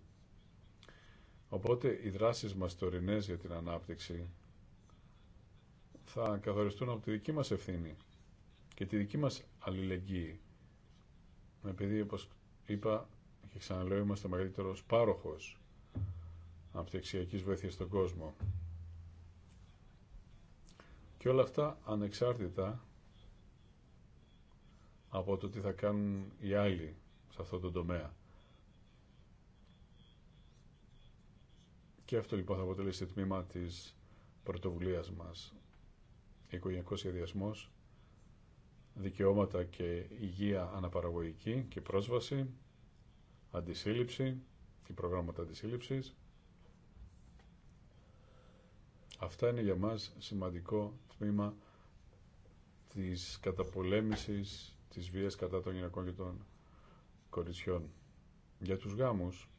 Οπότε οι δράσεις μας τωρινές για την ανάπτυξη θα καθοριστούν από τη δική μας ευθύνη και τη δική μας αλληλεγγύη. Επειδή, όπως είπα και ξαναλέω, είμαστε ο μεγαλύτερος πάροχος αναπτυξιακής βοήθειας στον κόσμο. Και όλα αυτά ανεξάρτητα από το τι θα κάνουν οι άλλοι σε αυτό το τομέα. Και αυτό λοιπόν θα αποτελέσει τμήμα της πρωτοβουλίας μας. Οικογενειακός σχεδιασμό, δικαιώματα και υγεία αναπαραγωγική και πρόσβαση, αντισύλληψη και προγράμματα αντισύλληψης. Αυτά είναι για μας σημαντικό τμήμα της καταπολέμησης της βίας κατά των γυναικών και των κοριτσιών. Για τους γάμους,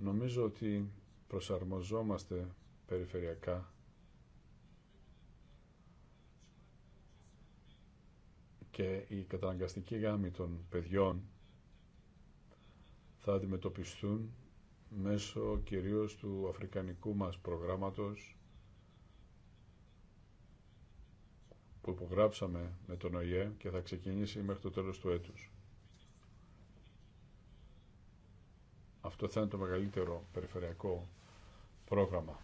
νομίζω ότι προσαρμοζόμαστε περιφερειακά και η καταναγκαστικοί γάμοι των παιδιών θα αντιμετωπιστούν μέσω κυρίως του αφρικανικού μας προγράμματος που υπογράψαμε με τον ΟΗΕ και θα ξεκινήσει μέχρι το τέλος του έτους. Αυτό θα είναι το μεγαλύτερο περιφερειακό πρόγραμμα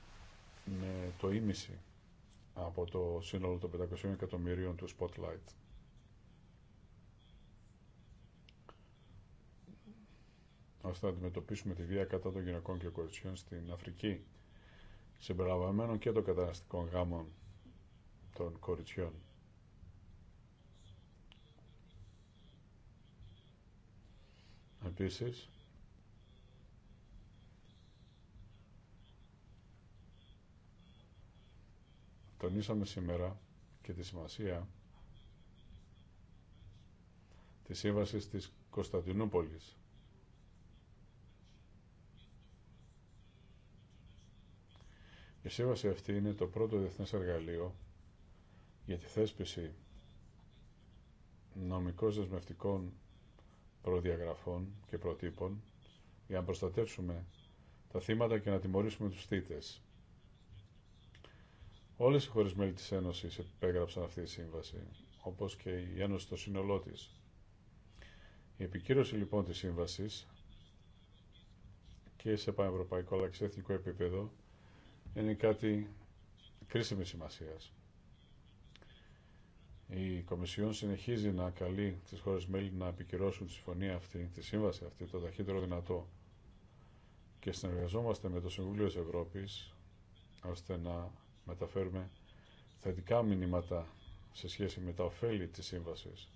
με το ίμιση από το σύνολο των 500 εκατομμυρίων του Spotlight. ώστε να αντιμετωπίσουμε τη βία κατά των γυναικών και κοριτσιών στην Αφρική, συμπεριλαμβανομένων και των καταναστικών γάμων των κοριτσιών. Επίσης, τονίσαμε σήμερα και τη σημασία της σύμβασης της Κωνσταντινούπολης Η σύμβαση αυτή είναι το πρώτο διεθνές εργαλείο για τη θέσπιση νομικώς δεσμευτικών προδιαγραφών και προτύπων για να προστατεύσουμε τα θύματα και να τιμωρήσουμε τους θύτες. Όλες οι χώρες μέλη της Ένωσης επέγραψαν αυτή τη σύμβαση, όπως και η Ένωση στο σύνολό της. Η επικύρωση λοιπόν της σύμβασης και σε πανευρωπαϊκό αλλά και σε εθνικό επίπεδο είναι κάτι κρίσιμη σημασίας. Η Κομισιόν συνεχίζει να καλεί τις χώρες μέλη να επικυρώσουν τη συμφωνία αυτή, τη σύμβαση αυτή, το ταχύτερο δυνατό και συνεργαζόμαστε με το Συμβούλιο της Ευρώπης ώστε να μεταφέρουμε θετικά μηνύματα σε σχέση με τα ωφέλη της σύμβασης.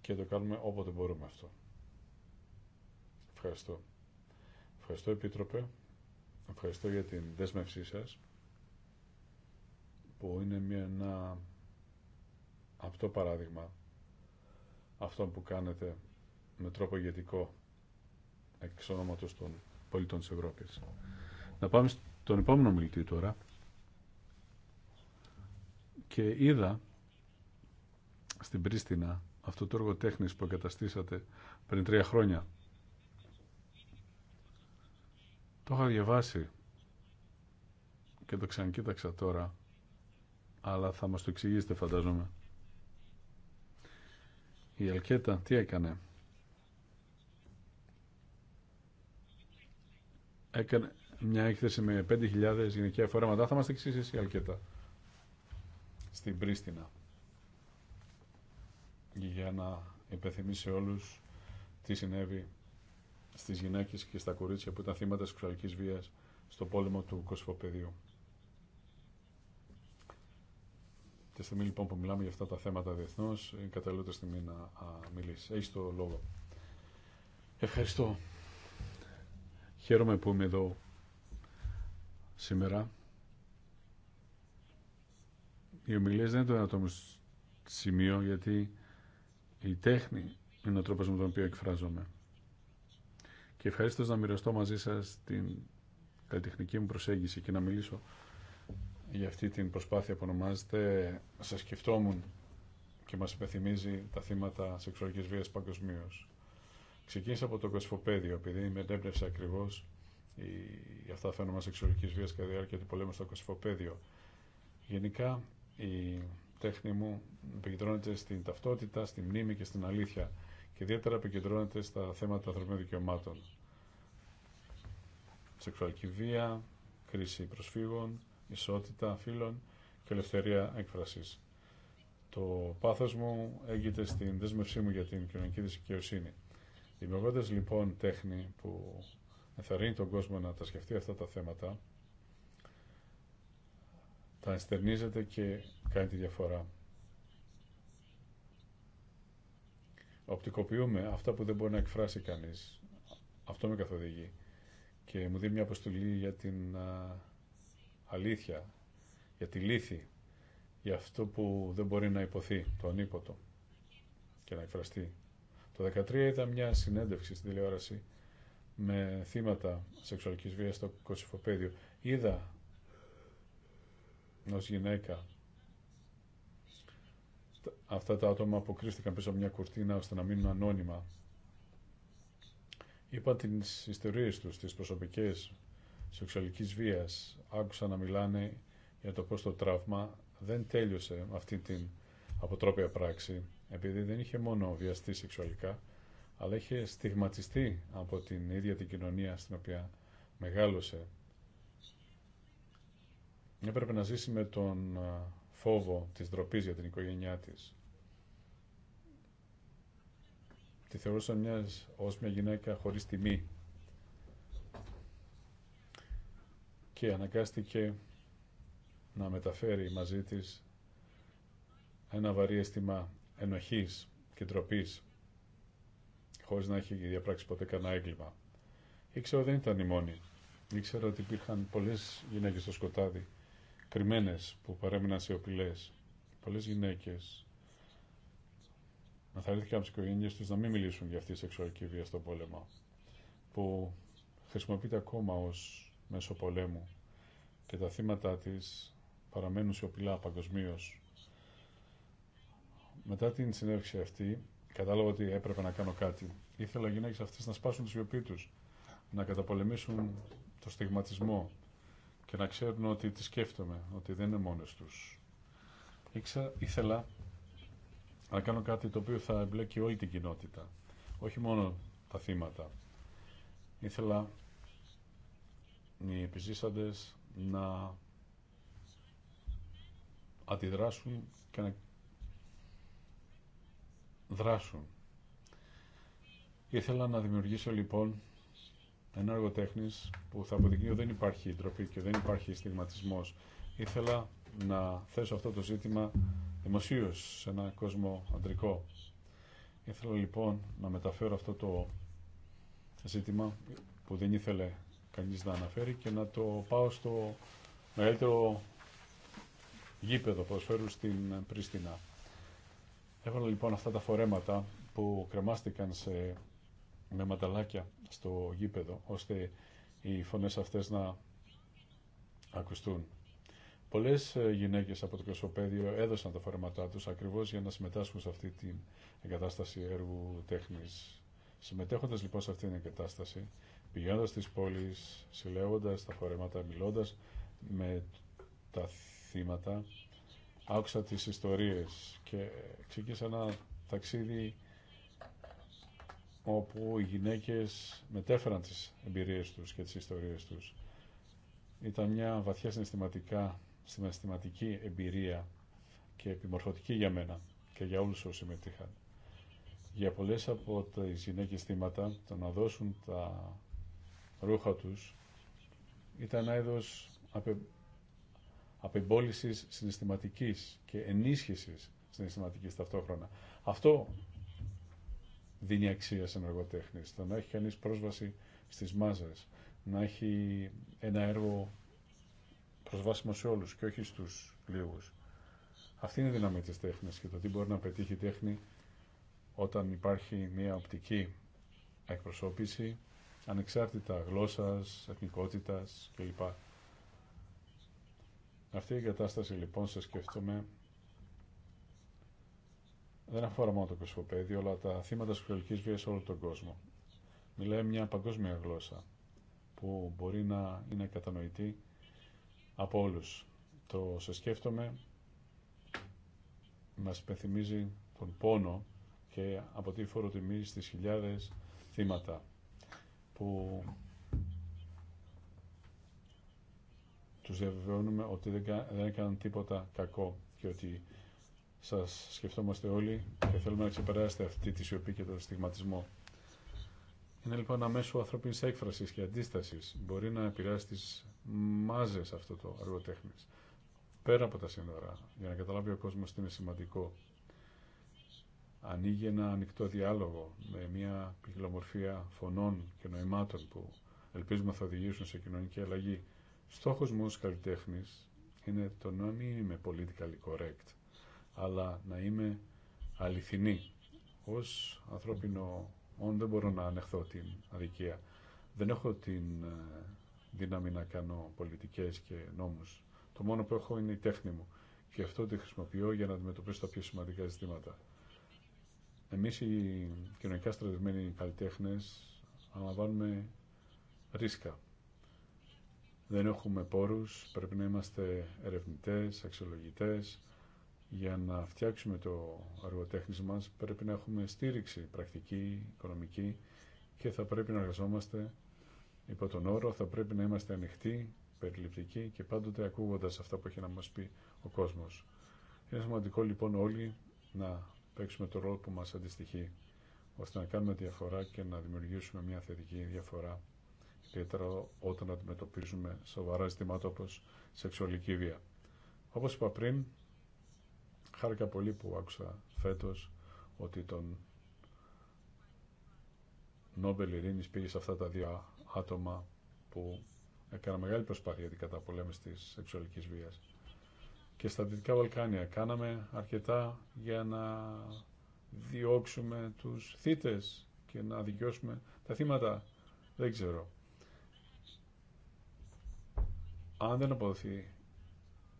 Και το κάνουμε όποτε μπορούμε αυτό. Ευχαριστώ. Ευχαριστώ, Επίτροπε. Ευχαριστώ για την δέσμευσή σας που είναι μια, ένα αυτό παράδειγμα αυτό που κάνετε με τρόπο ηγετικό εξ ονόματος των πολιτών της Ευρώπης. Να πάμε στον επόμενο μιλητή τώρα και είδα στην Πρίστινα αυτό το έργο τέχνης που εγκαταστήσατε πριν τρία χρόνια Το είχα διαβάσει και το ξανακοίταξα τώρα, αλλά θα μας το εξηγήσετε φαντάζομαι. Η Αλκέτα τι έκανε. Έκανε μια έκθεση με 5.000 γυναικεία φορέματα. Θα μας εξηγήσει η Αλκέτα. Στην Πρίστινα. Για να υπενθυμίσει όλους τι συνέβη Στι γυναίκε και στα κορίτσια που ήταν θύματα σεξουαλική βία στο πόλεμο του κοσμοπεδίου. Τη στιγμή λοιπόν που μιλάμε για αυτά τα θέματα διεθνώ, είναι καταλληλότερη στιγμή να μιλήσει. Έχει το λόγο. Ευχαριστώ. Χαίρομαι που είμαι εδώ σήμερα. Οι ομιλίε δεν είναι το ένα σημείο, γιατί η τέχνη είναι ο τρόπος με τον οποίο εκφράζομαι και ευχαρίστω να μοιραστώ μαζί σας την καλλιτεχνική μου προσέγγιση και να μιλήσω για αυτή την προσπάθεια που ονομάζεται «Σας σκεφτόμουν» και μας υπενθυμίζει τα θύματα σεξουαλικής βίας παγκοσμίω. Ξεκίνησα από το Κοσφοπέδιο, επειδή με ενέπνευσε ακριβώ, η, αυτά τα φαινόμενα σεξουαλικής βίας κατά τη διάρκεια του πολέμου στο Κοσφοπέδιο. Γενικά, η τέχνη μου επικεντρώνεται στην ταυτότητα, στη μνήμη και στην αλήθεια και ιδιαίτερα επικεντρώνεται στα θέματα ανθρωπίνων δικαιωμάτων. Σεξουαλική βία, κρίση προσφύγων, ισότητα φύλων και ελευθερία έκφρασης. Το πάθος μου έγκυται στην δέσμευσή μου για την κοινωνική δικαιοσύνη. Δημιουργώντα λοιπόν τέχνη που ενθαρρύνει τον κόσμο να τα σκεφτεί αυτά τα θέματα, τα ενστερνίζεται και κάνει τη διαφορά. Οπτικοποιούμε αυτά που δεν μπορεί να εκφράσει κανείς. Αυτό με καθοδηγεί. Και μου δίνει μια αποστολή για την αλήθεια, για τη λύθη, για αυτό που δεν μπορεί να υποθεί, το ανίποτο και να εκφραστεί. Το 2013 ήταν μια συνέντευξη στην τηλεόραση με θύματα σεξουαλικής βίας στο Κωσυφοπαίδιο. Είδα ως γυναίκα αυτά τα άτομα αποκρίστηκαν πίσω από μια κουρτίνα ώστε να μείνουν ανώνυμα. Είπαν τι ιστορίε τους, τι προσωπικές σεξουαλικής βίας. Άκουσα να μιλάνε για το πώ το τραύμα δεν τέλειωσε αυτή την αποτρόπια πράξη, επειδή δεν είχε μόνο βιαστεί σεξουαλικά, αλλά είχε στιγματιστεί από την ίδια την κοινωνία στην οποία μεγάλωσε. Έπρεπε να ζήσει με τον φόβο της ντροπή για την οικογένειά της. τη θεωρούσαν μιας, ως μια γυναίκα χωρίς τιμή και αναγκάστηκε να μεταφέρει μαζί της ένα βαρύ αίσθημα ενοχής και τροπής χωρίς να έχει διαπράξει ποτέ κανένα έγκλημα. Ήξερα ότι δεν ήταν η μόνη. Ήξερα ότι υπήρχαν πολλές γυναίκες στο σκοτάδι, κρυμμένες που παρέμειναν σιωπηλές. Πολλές γυναίκες να από τι οικογένειε του να μην μιλήσουν για αυτή τη σεξουαλική βία στον πόλεμο, που χρησιμοποιείται ακόμα ω μέσο πολέμου και τα θύματα τη παραμένουν σιωπηλά παγκοσμίω. Μετά την συνέντευξη αυτή, κατάλαβα ότι έπρεπε να κάνω κάτι. Ήθελα οι γυναίκε αυτέ να σπάσουν τη σιωπή του, να καταπολεμήσουν το στιγματισμό και να ξέρουν ότι τη σκέφτομαι, ότι δεν είναι μόνε του. Ήξα, ήθελα να κάνω κάτι το οποίο θα εμπλέκει όλη την κοινότητα, όχι μόνο τα θύματα. Ήθελα οι επιζήσαντες να αντιδράσουν και να δράσουν. Ήθελα να δημιουργήσω λοιπόν ένα έργο που θα αποδεικνύει ότι δεν υπάρχει ντροπή και δεν υπάρχει στιγματισμός. Ήθελα να θέσω αυτό το ζήτημα δημοσίω σε ένα κόσμο αντρικό. Ήθελα λοιπόν να μεταφέρω αυτό το ζήτημα που δεν ήθελε κανείς να αναφέρει και να το πάω στο μεγαλύτερο γήπεδο που προσφέρουν στην Πρίστινα. Έβαλα λοιπόν αυτά τα φορέματα που κρεμάστηκαν σε, με ματαλάκια στο γήπεδο, ώστε οι φωνές αυτές να ακουστούν. Πολλές ε, γυναίκες από το Κοσμοπέδιο έδωσαν τα φορέματά τους ακριβώς για να συμμετάσχουν σε αυτή την εγκατάσταση έργου τέχνης. Συμμετέχοντας λοιπόν σε αυτή την εγκατάσταση, πηγαίνοντας στις πόλεις, συλλέγοντας τα φορέματα, μιλώντας με τα θύματα, άκουσα τις ιστορίες και ξεκίνησα ένα ταξίδι όπου οι γυναίκες μετέφεραν τις εμπειρίες τους και τις ιστορίες τους. Ήταν μια βαθιά συναισθηματικά συναισθηματική εμπειρία και επιμορφωτική για μένα και για όλους όσοι συμμετείχαν. Για πολλές από τις γυναίκες θύματα το να δώσουν τα ρούχα τους ήταν ένα είδος απε... απεμπόλησης συναισθηματικής και ενίσχυσης συναισθηματικής ταυτόχρονα. Αυτό δίνει αξία σε μεργοτέχνης. το να έχει κανείς πρόσβαση στις μάζες, να έχει ένα έργο προσβάσιμο σε όλους και όχι στους λίγους. Αυτή είναι η δύναμη της τέχνης και το τι μπορεί να πετύχει η τέχνη όταν υπάρχει μια οπτική εκπροσώπηση ανεξάρτητα γλώσσας, εθνικότητας κλπ. Αυτή η κατάσταση λοιπόν, σε σκέφτομαι, δεν αφορά μόνο το κοσμοπέδιο, αλλά τα θύματα σχολική βίας σε όλο τον κόσμο. Μιλάει μια παγκόσμια γλώσσα που μπορεί να είναι κατανοητή από όλους. Το «Σε σκέφτομαι» μας υπενθυμίζει τον πόνο και από τη φοροτιμή στις χιλιάδες θύματα που τους διαβεβαιώνουμε ότι δεν έκαναν τίποτα κακό και ότι σας σκεφτόμαστε όλοι και θέλουμε να ξεπεράσετε αυτή τη σιωπή και τον στιγματισμό. Είναι λοιπόν ένα μέσο ανθρώπινης έκφρασης και αντίστασης. Μπορεί να επηρεάσει μάζες αυτό το αργοτέχνης. πέρα από τα σύνορα για να καταλάβει ο κόσμος τι είναι σημαντικό ανοίγει ένα ανοιχτό διάλογο με μια ποικιλομορφία φωνών και νοημάτων που ελπίζουμε θα οδηγήσουν σε κοινωνική αλλαγή. Στόχος μου ω καλλιτέχνη είναι το να μην είμαι politically correct, αλλά να είμαι αληθινή. Ως ανθρώπινο δεν μπορώ να ανεχθώ την αδικία. Δεν έχω την ε, δύναμη να κάνω πολιτικές και νόμους. Το μόνο που έχω είναι η τέχνη μου και αυτό τη χρησιμοποιώ για να αντιμετωπίσω τα πιο σημαντικά ζητήματα. Εμείς οι κοινωνικά στρατευμένοι καλλιτέχνε, αναλαμβάνουμε ρίσκα. Δεν έχουμε πόρους, πρέπει να είμαστε ερευνητές, αξιολογητές. Για να φτιάξουμε το αργοτέχνης μας πρέπει να έχουμε στήριξη πρακτική, οικονομική και θα πρέπει να εργαζόμαστε Υπό τον όρο θα πρέπει να είμαστε ανοιχτοί, περιληπτικοί και πάντοτε ακούγοντας αυτά που έχει να μας πει ο κόσμος. Είναι σημαντικό λοιπόν όλοι να παίξουμε το ρόλο που μας αντιστοιχεί, ώστε να κάνουμε διαφορά και να δημιουργήσουμε μια θετική διαφορά, ιδιαίτερα όταν αντιμετωπίζουμε σοβαρά ζητήματα όπως σεξουαλική βία. Όπως είπα πριν, χάρηκα πολύ που άκουσα φέτος ότι τον Νόμπελ Ειρήνης πήγε σε αυτά τα δύο άτομα που έκανα μεγάλη προσπάθεια για την καταπολέμηση της σεξουαλικής βίας. Και στα Δυτικά Βαλκάνια κάναμε αρκετά για να διώξουμε τους θύτες και να δικαιώσουμε τα θύματα. Δεν ξέρω. Αν δεν αποδοθεί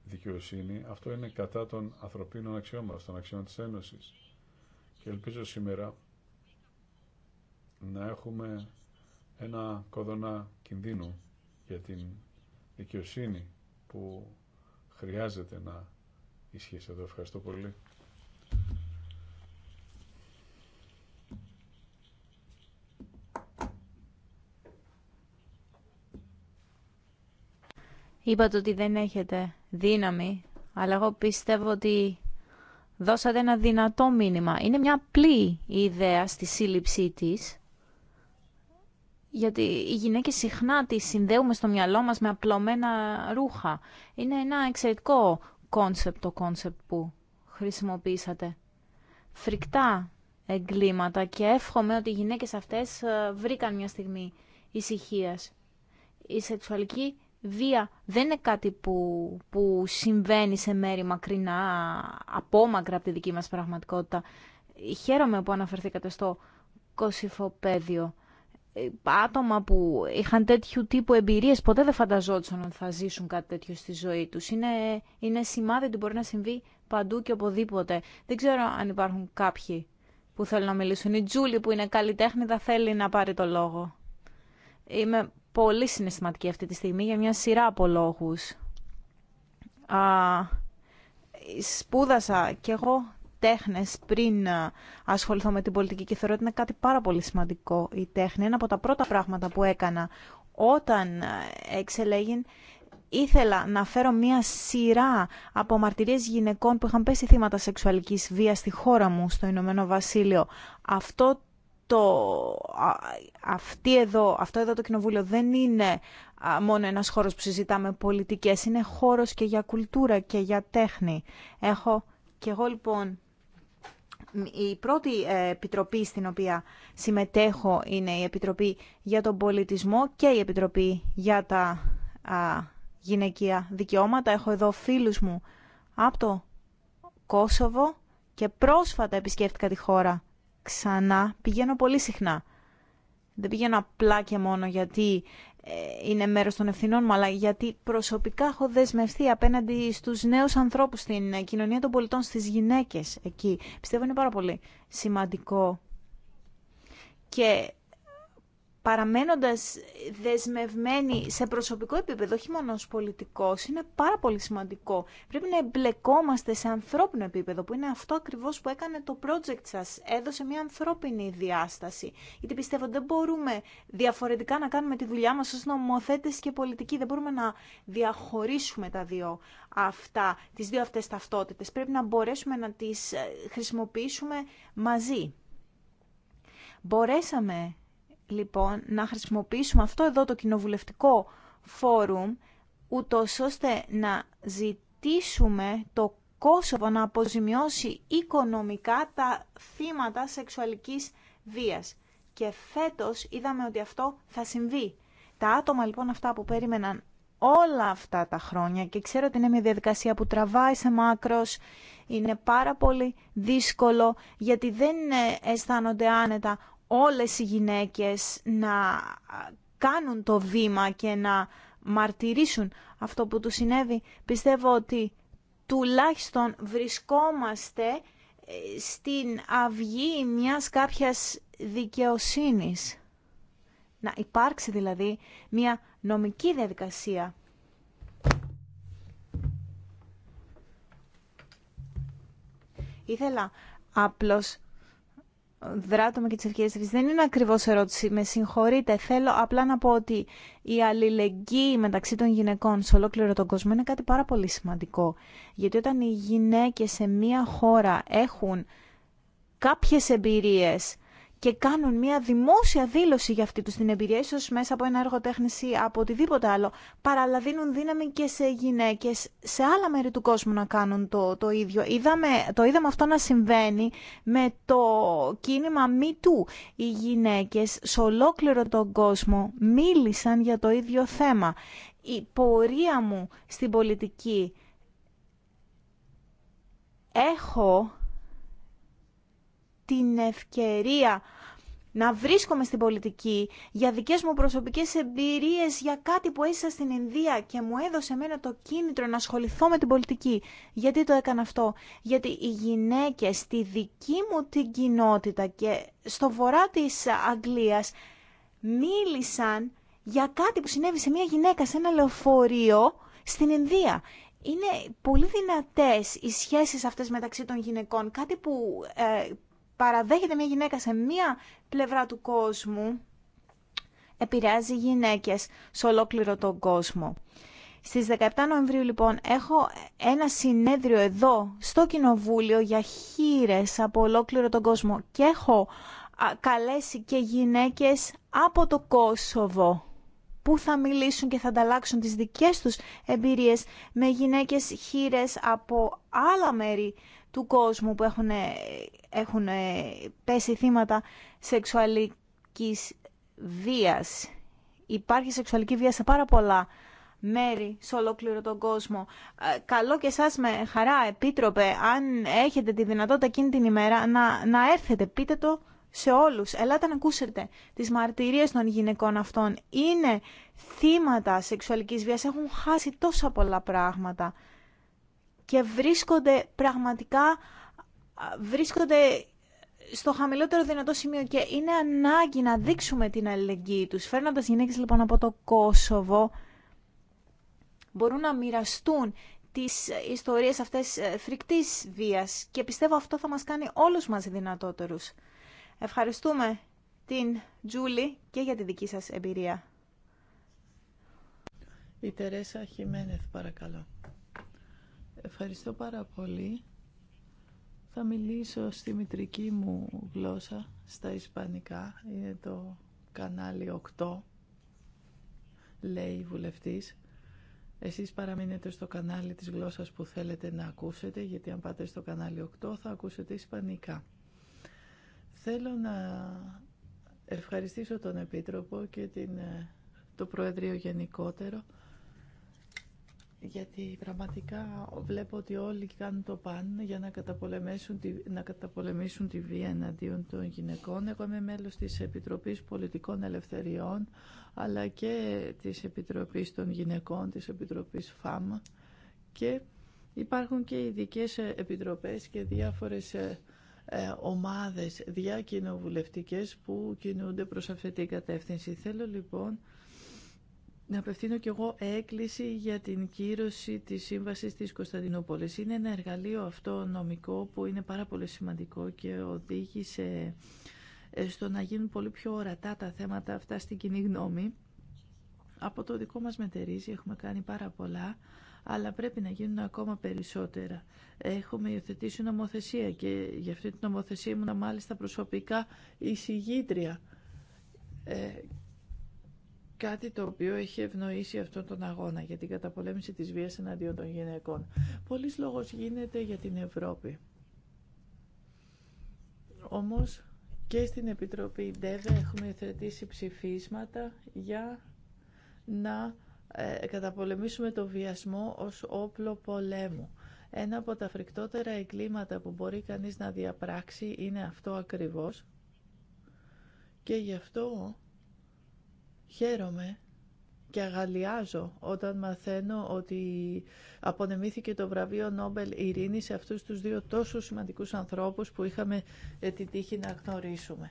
δικαιοσύνη, αυτό είναι κατά των ανθρωπίνων αξιών των αξιών της Ένωσης. Και ελπίζω σήμερα να έχουμε ένα κόδωνα κινδύνου για την δικαιοσύνη που χρειάζεται να ισχύσει εδώ. Ευχαριστώ πολύ. Είπατε ότι δεν έχετε δύναμη, αλλά εγώ πιστεύω ότι δώσατε ένα δυνατό μήνυμα. Είναι μια απλή ιδέα στη σύλληψή της γιατί οι γυναίκε συχνά τις συνδέουμε στο μυαλό μας με απλωμένα ρούχα. Είναι ένα εξαιρετικό κόνσεπτ το κόνσεπτ που χρησιμοποίησατε. Φρικτά εγκλήματα και εύχομαι ότι οι γυναίκες αυτές ε, βρήκαν μια στιγμή ησυχία. Η σεξουαλική βία δεν είναι κάτι που, που συμβαίνει σε μέρη μακρινά, απόμακρα από τη δική μας πραγματικότητα. Χαίρομαι που αναφερθήκατε στο κοσυφοπέδιο ε, άτομα που είχαν τέτοιου τύπου εμπειρίες ποτέ δεν φανταζόντουσαν ότι θα ζήσουν κάτι τέτοιο στη ζωή τους. Είναι, είναι σημάδι ότι μπορεί να συμβεί παντού και οπουδήποτε. Δεν ξέρω αν υπάρχουν κάποιοι που θέλουν να μιλήσουν. Η Τζούλη που είναι θα θέλει να πάρει το λόγο. Είμαι πολύ συναισθηματική αυτή τη στιγμή για μια σειρά από λόγους. σπούδασα κι εγώ τέχνε πριν ε, ασχοληθώ με την πολιτική και θεωρώ ότι είναι κάτι πάρα πολύ σημαντικό η τέχνη. Ένα από τα πρώτα πράγματα που έκανα όταν ε, εξελέγην ήθελα να φέρω μία σειρά από μαρτυρίες γυναικών που είχαν πέσει θύματα σεξουαλικής βίας στη χώρα μου, στο Ηνωμένο Βασίλειο. Αυτό το, αυτή εδώ, αυτό εδώ το κοινοβούλιο δεν είναι μόνο ένας χώρος που συζητάμε πολιτικές, είναι χώρος και για κουλτούρα και για τέχνη. Έχω και εγώ λοιπόν η πρώτη ε, επιτροπή στην οποία συμμετέχω είναι η Επιτροπή για τον Πολιτισμό και η Επιτροπή για τα γυναικεία δικαιώματα. Έχω εδώ φίλους μου από το Κόσοβο και πρόσφατα επισκέφτηκα τη χώρα ξανά. Πηγαίνω πολύ συχνά. Δεν πηγαίνω απλά και μόνο γιατί ε, είναι μέρος των ευθυνών μου, αλλά γιατί προσωπικά έχω δεσμευτεί απέναντι στους νέους ανθρώπους, στην κοινωνία των πολιτών, στις γυναίκες εκεί. Πιστεύω είναι πάρα πολύ σημαντικό. Και παραμένοντας δεσμευμένοι σε προσωπικό επίπεδο, όχι μόνο ως πολιτικός, είναι πάρα πολύ σημαντικό. Πρέπει να εμπλεκόμαστε σε ανθρώπινο επίπεδο, που είναι αυτό ακριβώς που έκανε το project σας. Έδωσε μια ανθρώπινη διάσταση. Γιατί πιστεύω δεν μπορούμε διαφορετικά να κάνουμε τη δουλειά μας ως νομοθέτες και πολιτικοί. Δεν μπορούμε να διαχωρίσουμε τα δύο αυτά, τις δύο αυτές ταυτότητες. Πρέπει να μπορέσουμε να τις ε, χρησιμοποιήσουμε μαζί. Μπορέσαμε λοιπόν να χρησιμοποιήσουμε αυτό εδώ το κοινοβουλευτικό φόρουμ ούτω ώστε να ζητήσουμε το Κόσοβο να αποζημιώσει οικονομικά τα θύματα σεξουαλικής βίας. Και φέτος είδαμε ότι αυτό θα συμβεί. Τα άτομα λοιπόν αυτά που περίμεναν όλα αυτά τα χρόνια και ξέρω ότι είναι μια διαδικασία που τραβάει σε μάκρος, είναι πάρα πολύ δύσκολο γιατί δεν ε, αισθάνονται άνετα όλες οι γυναίκες να κάνουν το βήμα και να μαρτυρήσουν αυτό που του συνέβη. Πιστεύω ότι τουλάχιστον βρισκόμαστε ε, στην αυγή μιας κάποιας δικαιοσύνης. Να υπάρξει δηλαδή μια νομική διαδικασία. Ήθελα απλώς δράτωμα και τις αρχές δεν είναι ακριβώς ερώτηση. Με συγχωρείτε, θέλω απλά να πω ότι η αλληλεγγύη μεταξύ των γυναικών σε ολόκληρο τον κόσμο είναι κάτι πάρα πολύ σημαντικό. Γιατί όταν οι γυναίκες σε μία χώρα έχουν κάποιες εμπειρίες και κάνουν μια δημόσια δήλωση για αυτή τους την εμπειρία, ίσω μέσα από ένα έργο τέχνης ή από οτιδήποτε άλλο, παράλληλα δίνουν δύναμη και σε γυναίκες σε άλλα μέρη του κόσμου να κάνουν το, το ίδιο. Είδαμε, το είδαμε αυτό να συμβαίνει με το κίνημα Too. Οι γυναίκες σε ολόκληρο τον κόσμο μίλησαν για το ίδιο θέμα. Η πορεία μου στην πολιτική έχω την ευκαιρία να βρίσκομαι στην πολιτική για δικές μου προσωπικές εμπειρίες για κάτι που έζησα στην Ινδία και μου έδωσε μένα το κίνητρο να ασχοληθώ με την πολιτική. Γιατί το έκανα αυτό. Γιατί οι γυναίκες στη δική μου την κοινότητα και στο βορρά της Αγγλίας μίλησαν για κάτι που συνέβη σε μια γυναίκα σε ένα λεωφορείο στην Ινδία. Είναι πολύ δυνατές οι σχέσεις αυτές μεταξύ των γυναικών, κάτι που ε, παραδέχεται μια γυναίκα σε μια πλευρά του κόσμου, επηρεάζει γυναίκες σε ολόκληρο τον κόσμο. Στις 17 Νοεμβρίου λοιπόν έχω ένα συνέδριο εδώ στο Κοινοβούλιο για χείρες από ολόκληρο τον κόσμο και έχω καλέσει και γυναίκες από το Κόσοβο που θα μιλήσουν και θα ανταλλάξουν τις δικές τους εμπειρίες με γυναίκες χείρες από άλλα μέρη του κόσμου που έχουν, ε, έχουν ε, πέσει θύματα σεξουαλικής βίας. Υπάρχει σεξουαλική βία σε πάρα πολλά μέρη σε ολόκληρο τον κόσμο. Ε, καλό και εσάς με χαρά, επίτροπε, αν έχετε τη δυνατότητα εκείνη την ημέρα να, να έρθετε, πείτε το σε όλους. Ελάτε να ακούσετε τις μαρτυρίες των γυναικών αυτών. Είναι θύματα σεξουαλικής βίας, έχουν χάσει τόσα πολλά πράγματα και βρίσκονται πραγματικά βρίσκονται στο χαμηλότερο δυνατό σημείο και είναι ανάγκη να δείξουμε την αλληλεγγύη τους. Φέρνοντας γυναίκες λοιπόν από το Κόσοβο μπορούν να μοιραστούν τις ε, ιστορίες αυτές ε, φρικτής βίας και πιστεύω αυτό θα μας κάνει όλους μας δυνατότερους. Ευχαριστούμε την Τζούλη και για τη δική σας εμπειρία. Η Τερέσα Χιμένεθ παρακαλώ. Ευχαριστώ πάρα πολύ. Θα μιλήσω στη μητρική μου γλώσσα, στα ισπανικά. Είναι το κανάλι 8, λέει η βουλευτής. Εσείς παραμείνετε στο κανάλι της γλώσσας που θέλετε να ακούσετε, γιατί αν πάτε στο κανάλι 8 θα ακούσετε ισπανικά. Θέλω να ευχαριστήσω τον Επίτροπο και την, ε, το Προεδρείο γενικότερο γιατί πραγματικά βλέπω ότι όλοι κάνουν το παν για να καταπολεμήσουν τη, να καταπολεμήσουν τη βία εναντίον των γυναικών. Εγώ είμαι μέλος της Επιτροπής Πολιτικών Ελευθεριών, αλλά και της Επιτροπής των Γυναικών, της Επιτροπής ΦΑΜ και υπάρχουν και ειδικέ ε, επιτροπές και διάφορες ε, ε, ομάδες διακοινοβουλευτικές που κινούνται προς αυτή την κατεύθυνση. Θέλω λοιπόν να απευθύνω κι εγώ έκκληση για την κύρωση της Σύμβασης της Κωνσταντινούπολης. Είναι ένα εργαλείο αυτό νομικό που είναι πάρα πολύ σημαντικό και οδήγησε ε, στο να γίνουν πολύ πιο ορατά τα θέματα αυτά στην κοινή γνώμη. Από το δικό μας μετερίζει έχουμε κάνει πάρα πολλά, αλλά πρέπει να γίνουν ακόμα περισσότερα. Έχουμε υιοθετήσει νομοθεσία και για αυτή την νομοθεσία ήμουν μάλιστα προσωπικά εισηγήτρια κάτι το οποίο έχει ευνοήσει αυτόν τον αγώνα για την καταπολέμηση της βίας εναντίον των γυναικών. Πολλής λόγος γίνεται για την Ευρώπη. Όμως και στην Επιτροπή ΔΕΒΕ έχουμε θετήσει ψηφίσματα για να ε, καταπολεμήσουμε το βιασμό ως όπλο πολέμου. Ένα από τα φρικτότερα εγκλήματα που μπορεί κανείς να διαπράξει είναι αυτό ακριβώς και γι' αυτό Χαίρομαι και αγαλιάζω όταν μαθαίνω ότι απονεμήθηκε το βραβείο Νόμπελ Ειρήνη σε αυτούς τους δύο τόσο σημαντικούς ανθρώπους που είχαμε ε, την τύχη να γνωρίσουμε.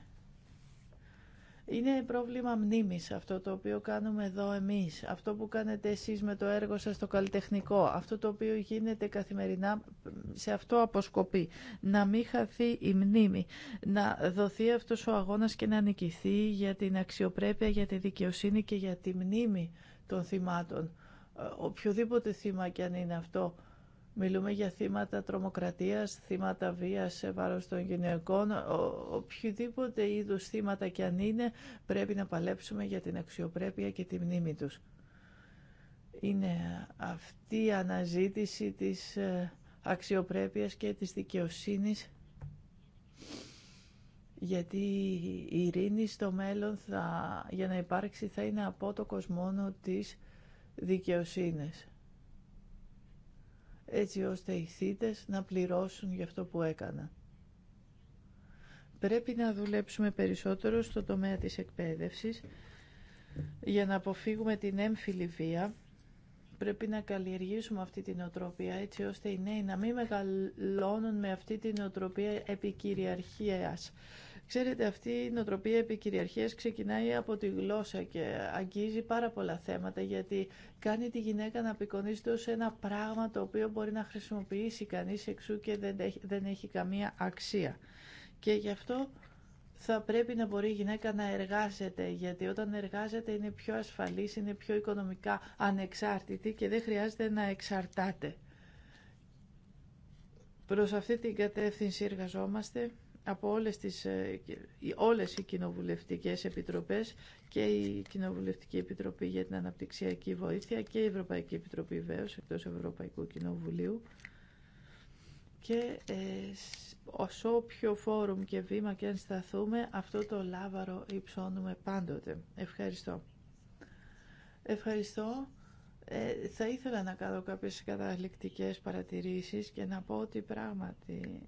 Είναι πρόβλημα μνήμης αυτό το οποίο κάνουμε εδώ εμείς, αυτό που κάνετε εσείς με το έργο σας το καλλιτεχνικό, αυτό το οποίο γίνεται καθημερινά σε αυτό αποσκοπεί, να μην χαθεί η μνήμη, να δοθεί αυτός ο αγώνας και να νικηθεί για την αξιοπρέπεια, για τη δικαιοσύνη και για τη μνήμη των θυμάτων. Ε, οποιοδήποτε θύμα κι αν είναι αυτό Μιλούμε για θύματα τρομοκρατίας, θύματα βίας σε βάρος των γυναικών, ο, οποιοδήποτε είδους θύματα και αν είναι, πρέπει να παλέψουμε για την αξιοπρέπεια και τη μνήμη τους. Είναι αυτή η αναζήτηση της ε, αξιοπρέπειας και της δικαιοσύνης, γιατί η ειρήνη στο μέλλον θα, για να υπάρξει θα είναι απότοκος μόνο της δικαιοσύνης έτσι ώστε οι θήτες να πληρώσουν για αυτό που έκανα. Πρέπει να δουλέψουμε περισσότερο στο τομέα της εκπαίδευσης για να αποφύγουμε την έμφυλη βία. Πρέπει να καλλιεργήσουμε αυτή την οτροπία έτσι ώστε οι νέοι να μην μεγαλώνουν με αυτή την οτροπία επικυριαρχίας Ξέρετε, αυτή η νοοτροπία επικυριαρχίας ξεκινάει από τη γλώσσα και αγγίζει πάρα πολλά θέματα γιατί κάνει τη γυναίκα να απεικονίζεται ως ένα πράγμα το οποίο μπορεί να χρησιμοποιήσει κανείς εξού και δεν έχει, δεν έχει καμία αξία. Και γι' αυτό θα πρέπει να μπορεί η γυναίκα να εργάζεται, γιατί όταν εργάζεται είναι πιο ασφαλής, είναι πιο οικονομικά ανεξάρτητη και δεν χρειάζεται να εξαρτάται. Προς αυτή την κατεύθυνση εργαζόμαστε από όλες, τις, ε, όλες οι κοινοβουλευτικές επιτροπές και η Κοινοβουλευτική Επιτροπή για την Αναπτυξιακή Βοήθεια και η Ευρωπαϊκή Επιτροπή βέβαια εκτός Ευρωπαϊκού Κοινοβουλίου και ε, ως όποιο φόρουμ και βήμα και αν σταθούμε αυτό το λάβαρο υψώνουμε πάντοτε. Ευχαριστώ. Ευχαριστώ. Ε, θα ήθελα να κάνω κάποιες καταληκτικές παρατηρήσεις και να πω ότι πράγματι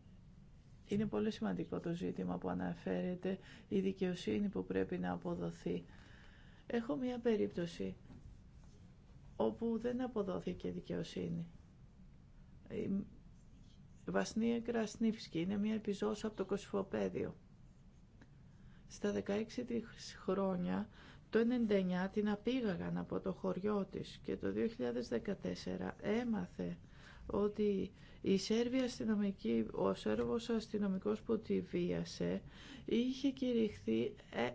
είναι πολύ σημαντικό το ζήτημα που αναφέρεται, η δικαιοσύνη που πρέπει να αποδοθεί. Έχω μία περίπτωση όπου δεν αποδόθηκε δικαιοσύνη. Βασνία Κρασνίφσκι είναι μία επιζώσα από το Κοσφοπέδιο. Στα 16 χρόνια, το 99 την απήγαγαν από το χωριό της και το 2014 έμαθε ότι η Σέρβια αστυνομική, ο Σέρβος αστυνομικός που τη βίασε είχε κηρυχθεί ε,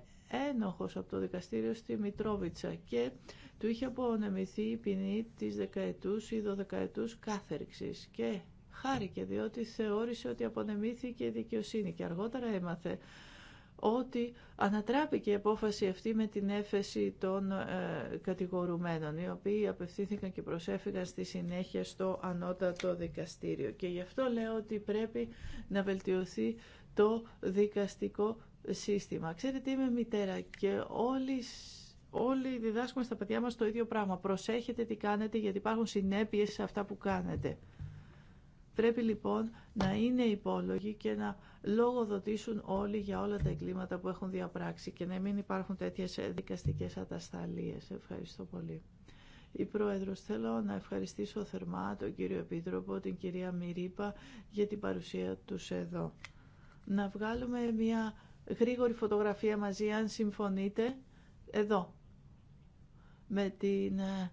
ένοχος από το δικαστήριο στη Μητρόβιτσα και του είχε απονεμηθεί η ποινή της δεκαετούς ή δωδεκαετούς κάθερξης και χάρηκε διότι θεώρησε ότι απονεμήθηκε η δικαιοσύνη και αργότερα έμαθε ότι ανατράπηκε η απόφαση αυτή με την έφεση των ε, κατηγορουμένων, οι οποίοι απευθύνθηκαν και προσέφηκαν στη συνέχεια στο ανώτατο δικαστήριο. Και γι' αυτό λέω ότι πρέπει να βελτιωθεί το δικαστικό σύστημα. Ξέρετε, είμαι μητέρα και όλοι όλοι διδάσκουμε στα παιδιά μας το ίδιο πράγμα. Προσέχετε τι κάνετε γιατί υπάρχουν συνέπειες σε αυτά που κάνετε. Πρέπει λοιπόν να είναι υπόλογοι και να λογοδοτήσουν όλοι για όλα τα εγκλήματα που έχουν διαπράξει και να μην υπάρχουν τέτοιες δικαστικές ατασταλίες. Ευχαριστώ πολύ. Η Πρόεδρος, θέλω να ευχαριστήσω θερμά τον κύριο Επίτροπο, την κυρία Μυρίπα για την παρουσία τους εδώ. Να βγάλουμε μια γρήγορη φωτογραφία μαζί, αν συμφωνείτε, εδώ, με την ε,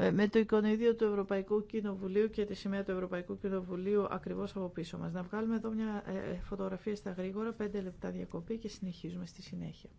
ε, με το εικονίδιο του Ευρωπαϊκού Κοινοβουλίου και τη σημαία του Ευρωπαϊκού Κοινοβουλίου ακριβώς από πίσω μας. Να βγάλουμε εδώ μια ε, ε, φωτογραφία στα γρήγορα, 5 λεπτά διακοπή και συνεχίζουμε στη συνέχεια.